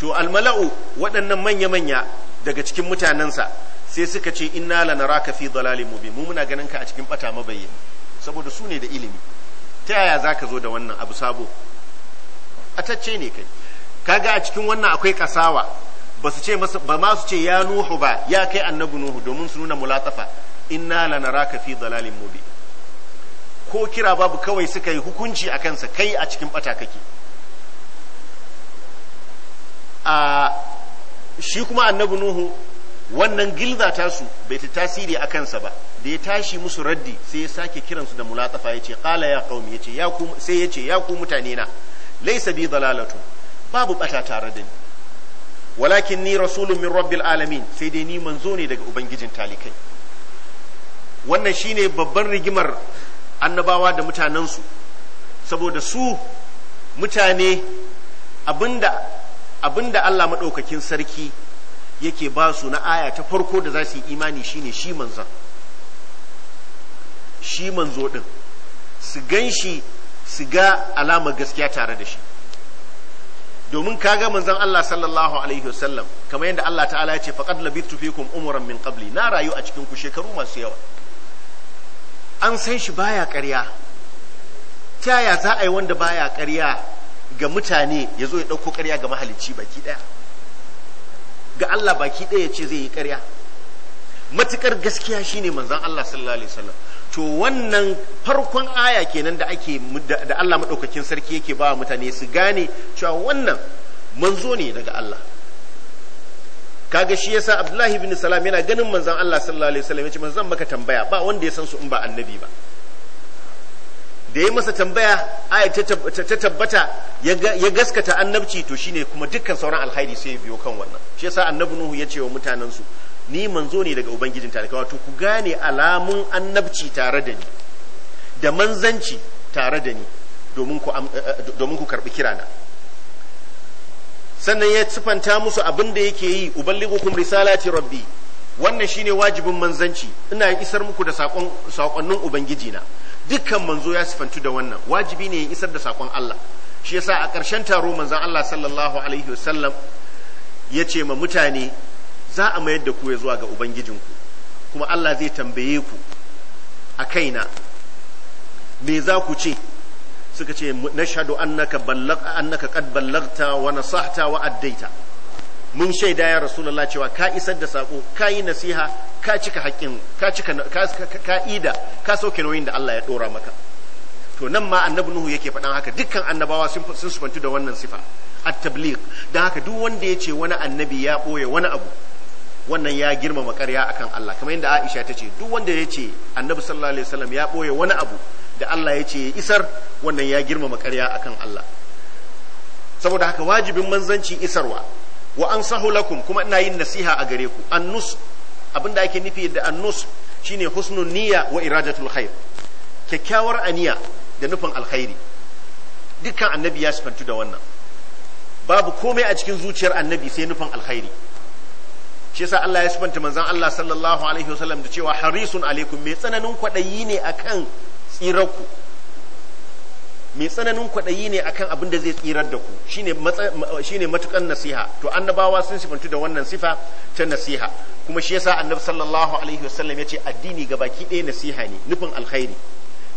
to almala'u waɗannan manya-manya daga cikin mutanensa sai suka ce inna lanaraka fi dalalin mubin mu muna ganin ka a cikin bata mabayyani saboda su ne da ilimi ta yaya za ka zo da wannan abu sabo a tacce ne kai kaga a cikin wannan akwai kasawa ba su ce ba ma su ce ya nuhu ba ya kai annabi nuhu domin su nuna mulatafa inna lanaraka fi dalalin mubin ko kira babu kawai suka yi hukunci a kansa kai a cikin bata kake a shi kuma annabi nuhu wannan gilza tasu bai ta tasiri a kansa ba da ya tashi musu raddi sai ya sake kiransu da mulatafa ya ce kala ya qaumi sai ya ce ya ku mutane na laisa bi dalalatu babu bata tare da ni walakin ni rasulun min rabbil alamin sai dai ni manzo ne daga ubangijin talikai wannan shine babban rigimar annabawa da mutanensu saboda su mutane abinda abinda Allah maɗaukakin sarki yake ba su na aya ta farko da za su yi imani shine shi manzan shi manzo ɗin su gan su ga alamar gaskiya tare da shi domin kaga manzon Allah sallallahu alaihi wasallam kamar yadda Allah ta'ala ya ce faqad labithtu fikum umuran min qabli na rayu a cikin ku shekaru masu yawa an san shi baya ƙarya ta yaya za a yi wanda baya ƙarya ga mutane ya zo ya ɗauko ƙarya ga mahalicci baki ɗaya ga Allah baki ɗaya ya ce zai yi ƙarya Matuƙar gaskiya shine manzon Allah sallallahu alaihi wasallam to wannan farkon aya kenan da ake da Allah madaukakin sarki yake ba mutane su gane cewa wannan manzo ne daga Allah kaga shi yasa abdullahi ibn salam yana ganin manzon Allah sallallahu alaihi wasallam yace manzon maka tambaya ba wanda ya san su in ba annabi ba da ya masa tambaya aya ta tabbata ya gaskata annabci to shine kuma dukkan sauran alhairi sai ya biyo kan wannan shi yasa annabi nuhu ya ce wa mutanen su ni manzo ne daga ubangijin talaka wato ku gane alamun annabci tare da ni da manzanci tare da ni domin ku eh, eh, karbi kirana sannan ya sifanta musu abin da yake yi uballighukum risalati rabbi wannan shine wajibin manzanci ina isar muku da sakon sakonnin ubangiji na dukkan manzo ya sifantu da wannan wajibi ne ya isar da sakon Allah shi yasa a ƙarshen taro manzon Allah sallallahu alaihi wasallam ya ce ma mutane za a mayar da ku ya zuwa ga ubangijinku kuma Allah zai tambaye ku a kaina me za ku ce suka ce nashhadu annaka ballag annaka qad ballagta wa nasahta wa addaita mun shaida ya rasulullah cewa ka isar da sako ka yi nasiha ka cika haƙƙin ka cika ka ida ka sauke nauyin da Allah ya dora maka to nan ma annabi nuhu yake faɗan haka dukkan annabawa sun sufantu da wannan sifa at-tabligh dan haka duk wanda ya ce wani annabi ya ɓoye wani abu wannan ya girmama ƙarya akan Allah kamar yadda Aisha ta ce duk wanda ya ce annabi sallallahu alaihi wasallam ya boye wani abu da Allah ya ce ya isar wannan ya girmama ƙarya akan Allah saboda haka wajibin manzanci isarwa wa an lakum kuma ina yin nasiha a gare ku annus abinda ake nufi da annus shine husnun niyya wa iradatul khair kyakkyawar aniya da nufin alkhairi dukkan annabi ya sifantu da wannan babu komai a cikin zuciyar annabi sai nufin alkhairi shi yasa Allah ya sifanta manzon Allah sallallahu alaihi wasallam da cewa harisun alaikum mai tsananin kwadayi ne akan tsirarku mai tsananin kwaɗayi ne akan abin da zai tsirar da ku shine matuƙan nasiha to annabawa sun sifantu da wannan sifa ta nasiha kuma shi yasa annabi sallallahu alaihi wasallam ce addini ga baki ɗaya nasiha ne nufin alkhairi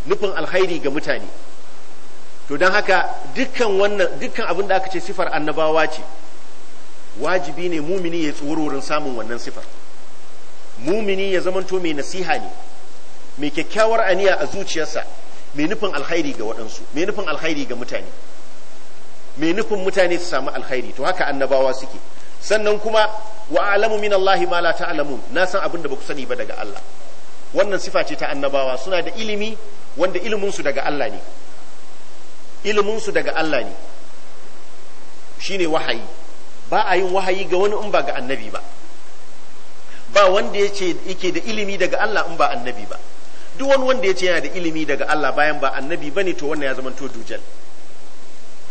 nufin alkhairi ga mutane to don haka dukkan wannan dukkan abin da aka ce sifar annabawa ce wajibi ne mumini ya wurin samun wannan sifar mumini ya zamanto mai nasiha ne mai kyakkyawar aniya a zuciyarsa mai nufin alkhairi ga waɗansu mai nufin alkhairi ga mutane mai nufin mutane su samu alkhairi to haka annabawa suke sannan kuma wa alamu min Allahi ma la ta'lamun na san abin da ba ku sani ba daga Allah wannan sifa ce ta annabawa suna da ilimi wanda ilimin su daga Allah ne ilimin su daga Allah ne shine wahayi ba a yin wahayi ga wani in ba ga annabi ba ba wanda yace yake da ilimi daga Allah in ba annabi ba duk wani wanda ya ce yana da ilimi daga Allah bayan ba annabi ba ne to wannan ya zama to dujal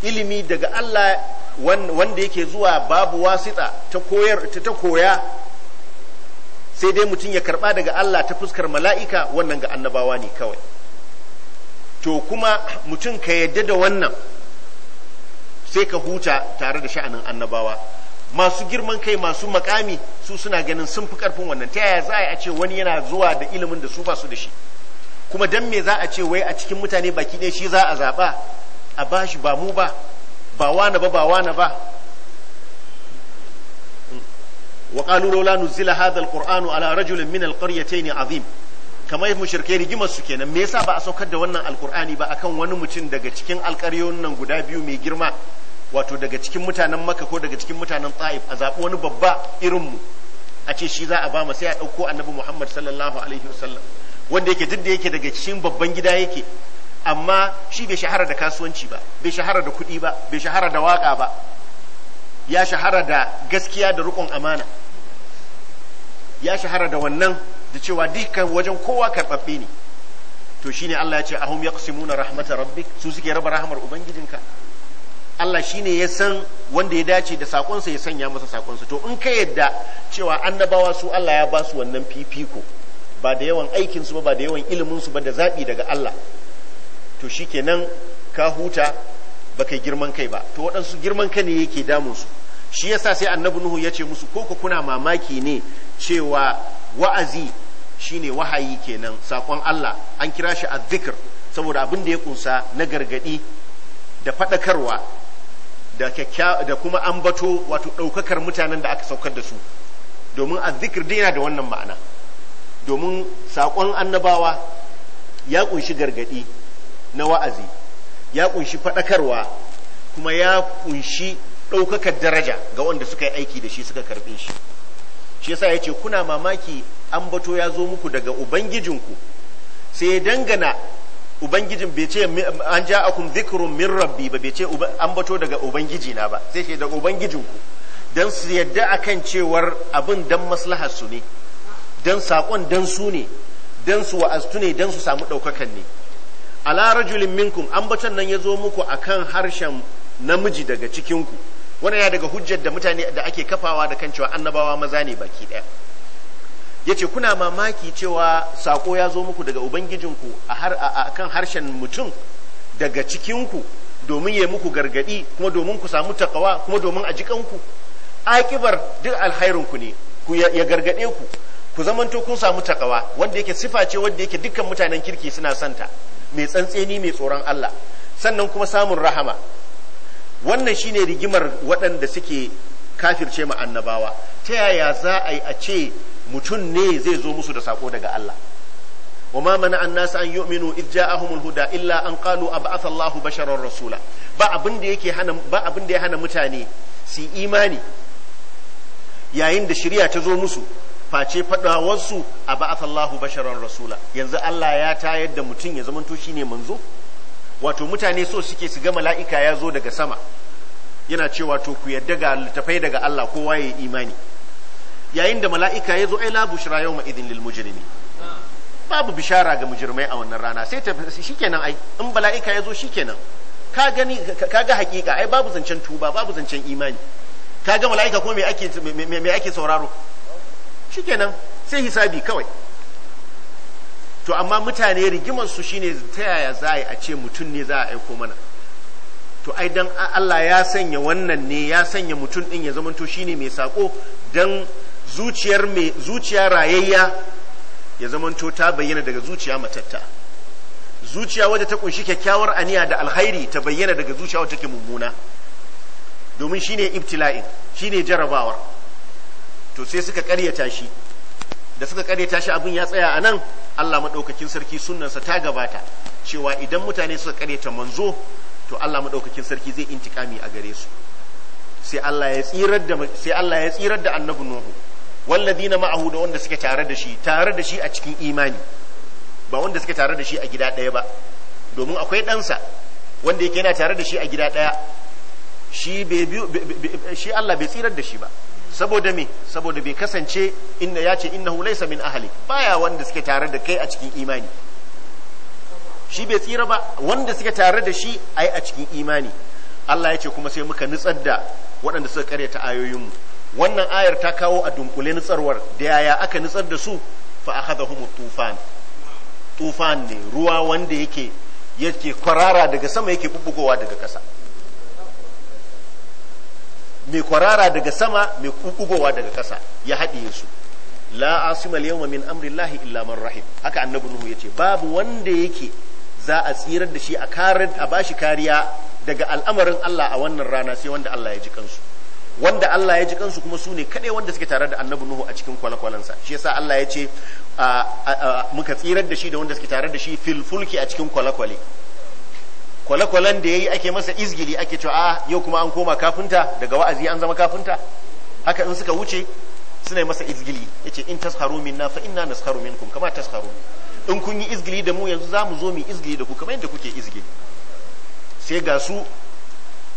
ilimi daga Allah wanda yake zuwa babu wasita ta koyar ta koya sai dai mutum ya karba daga Allah ta fuskar mala'ika wannan ga annabawa ne kawai to kuma mutum ka yadda da wannan sai ka huta tare da sha'anin annabawa masu girman kai masu makami su suna ganin sun fi karfin wannan ta yaya za a ce wani yana zuwa da ilimin da su basu su da shi kuma dan me za a ce wai a cikin mutane baki ɗaya shi za a zaɓa a bashi ba mu ba ba wani ba ba wani ba wa qalu la nuzila hadha alqur'anu ala rajulin min alqaryatayn azim kamar shirkai rigimar su kenan me yasa ba a saukar da wannan alqur'ani ba akan wani mutum daga cikin alqaryon nan guda biyu mai girma wato daga cikin mutanen maka ko daga cikin mutanen ta'if a zaɓi wani babba irinmu a ce shi za a ba mu sai a ɗauko annabi muhammad sallallahu alaihi wasallam wanda yake duk da yake daga cikin babban gida yake amma shi bai shahara da kasuwanci ba bai shahara da kuɗi ba bai shahara da waƙa ba ya shahara da gaskiya da riƙon amana ya shahara da wannan da cewa dukkan wajen kowa karɓaɓɓe ne to shi ne Allah ya ce ahum yaqsimuna rahmatar rabbik su suke raba rahmar ubangijinka Allah shine ya san wanda ya dace da sakonsa ya sanya masa sakonsa to in ka yadda cewa annabawa su Allah ya ba su wannan fifiko ba da yawan aikin su ba da yawan ilimin su ba da zaɓi daga Allah to shikenan ka huta ba kai girman kai ba to waɗansu girman kai ne yake damun su shi yasa sai annabi nuhu ya ce musu ko kuna mamaki ne cewa wa'azi shine wahayi kenan sakon Allah an kira shi zikir saboda abin da ya kunsa na gargadi da faɗakarwa da kyakkyawa da kuma ambato wato ɗaukakar mutanen da aka saukar da su domin zikir dai yana da wannan ma'ana domin saƙon annabawa ya ƙunshi gargaɗi na wa'azi ya ƙunshi faɗakarwa kuma ya ƙunshi ɗaukakar daraja ga wanda suka yi aiki da shi suka karɓe shi shi yasa ya ce kuna mamaki ambato ya zo muku daga ubangijinku sai ya dangana ubangijin bai ce an ja akun zikirun min rabbi ba bai ce an bato daga ubangiji na ba sai ce daga ubangijinku don su yadda kan cewar abin don maslahar su ne don saƙon don su ne don su wa'aztu ne don su samu ɗaukakan ne ala julin minkum an baton nan ya zo muku akan harshen namiji daga cikinku wani ya daga hujjar da mutane da ake kafawa da kan cewa annabawa maza ne baki ɗaya. ya ce kuna mamaki cewa sako ya zo muku daga ubangijinku a har a kan harshen mutum daga cikinku domin ya muku gargadi kuma domin ku samu takawa kuma domin a jikanku akibar duk alhairunku ne ku ya gargade ku ku zamanto kun samu takawa wanda yake sifa ce wanda yake dukkan mutanen kirki suna santa mai tsantseni mai tsoron Allah sannan kuma samun rahama wannan shine rigimar waɗanda suke kafirce ma annabawa ta yaya za a yi a ce mutum ne zai zo musu da sako daga Allah wa منع الناس ان يؤمنوا اذ جاءهم الهدى الا illa an ابعث الله بشرا ba abin da yake hana ba abin da ya hana mutane su imani yayin da shari'a ta zo musu face fadawar a ab'ath Allahu basharan rasula yanzu Allah ya tayar da mutum ya zamanto shine manzo wato mutane so suke su ga mala'ika ya zo daga sama yana cewa to ku yarda ga littattafai daga Allah kowa ya imani yayin da mala'ika ya zo ai la yau ma idin lil mujrimi babu bishara ga mujirmai a wannan rana sai ta shikenan ai in mala'ika ya zo shikenan ka gani ka ga hakika ai babu zancen tuba babu zancen imani ka ga mala'ika ko me ake me ake sauraro shikenan sai hisabi kawai to amma mutane rigimar su shine ta yaya za a ce mutum ne za a aiko mana to ai dan Allah ya sanya wannan ne ya sanya mutum din ya zamanto shine mai sako dan zuciyar mai zuciya rayayya ya zamanto ta bayyana daga zuciya matatta zuciya wadda ta kunshi kyakkyawar aniya da alhairi ta bayyana daga zuciya wadda take mummuna domin shine ibtila'in shine jarabawar to sai suka karyata shi da suka karyata shi abin ya tsaya anan nan Allah maɗaukakin sarki sunansa ta gabata cewa idan mutane suka karyata manzo to Allah maɗaukakin sarki zai intikami a gare su sai Allah ya tsirar da annabi Nuhu walladina ma'ahu da wanda suke tare da shi tare da shi a cikin imani ba wanda suke tare da shi a gida ɗaya ba domin akwai ɗansa wanda yake yana tare da shi a gida ɗaya shi shi Allah bai tsirar da shi ba saboda me saboda bai kasance inda ya ce innahu laysa min ahli baya wanda suke tare da kai a cikin imani shi bai tsira ba wanda suke tare da shi ai a cikin imani Allah ya ce kuma sai muka nutsar da waɗanda suka karyata ayoyinmu wannan ayar ta kawo a dunkule nutsarwar da yaya aka nutsar da su fa akhadhahum tufan tufan ne ruwa wanda yake yake kwarara daga sama yake bubbugowa daga ƙasa mai kwarara daga sama mai bubbugowa daga ƙasa ya haɗiye su la asima yawma min amrillahi illa man rahim haka annabi nuhu ce babu wanda yake za a tsirar da shi a karin a bashi kariya daga al'amarin Allah a wannan rana sai wanda Allah ya ji kansu wanda Allah ya ji kansu kuma su ne kadai wanda suke tare da annabi Nuhu a cikin kwalakwalansa shi yasa Allah ya ce muka tsirar da shi da wanda suke tare da shi filfulki a cikin kwalkwale kwalkwalan da yayi ake masa izgili ake cewa a ah, yau kuma an koma kafinta daga wa'azi an zama kafinta haka in suka wuce suna masa izgili yace in tasharu minna fa inna nasharu minkum kama tasharu in kun yi izgili da mu yanzu za mu zo mu izgili da ku kamar yadda kuke izgili sai ga su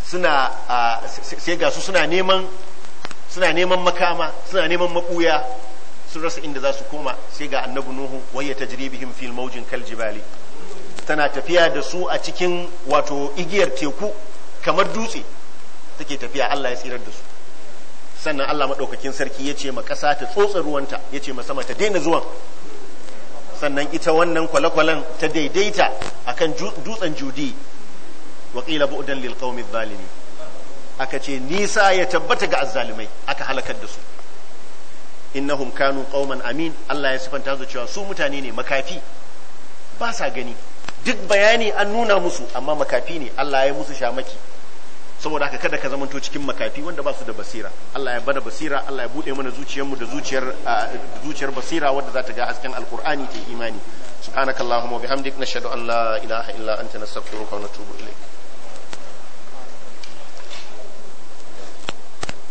suna sai ga su suna neman suna neman makama suna neman mabuya sun rasa inda za su koma sai ga annabi nuhu wayya tajribihim fil mawjin kal jibali tana tafiya da su a cikin wato igiyar teku kamar dutse take tafiya Allah ya tsirar da su sannan Allah maɗaukakin sarki ya ce ma kasa ta tsotsa ruwanta ya ce ma sama ta daina zuwan sannan ita wannan kwale-kwalen ta daidaita akan dutsen judi wa qila bu'dan lil qaumi zalimi aka ce nisa ya tabbata ga azzalimai aka halakar da su innahum kanu qauman amin Allah ya sifanta su cewa su mutane ne makafi ba sa gani duk bayani an nuna musu amma makafi ne Allah ya musu shamaki saboda haka kada ka zamanto cikin makafi wanda ba su da basira Allah ya bada basira Allah ya bude mana zuciyarmu da zuciyar zuciyar basira wadda za ta ga hasken alqur'ani ta imani subhanakallahumma wa bihamdik nashhadu an la ilaha illa anta nastaghfiruka wa natubu ilayk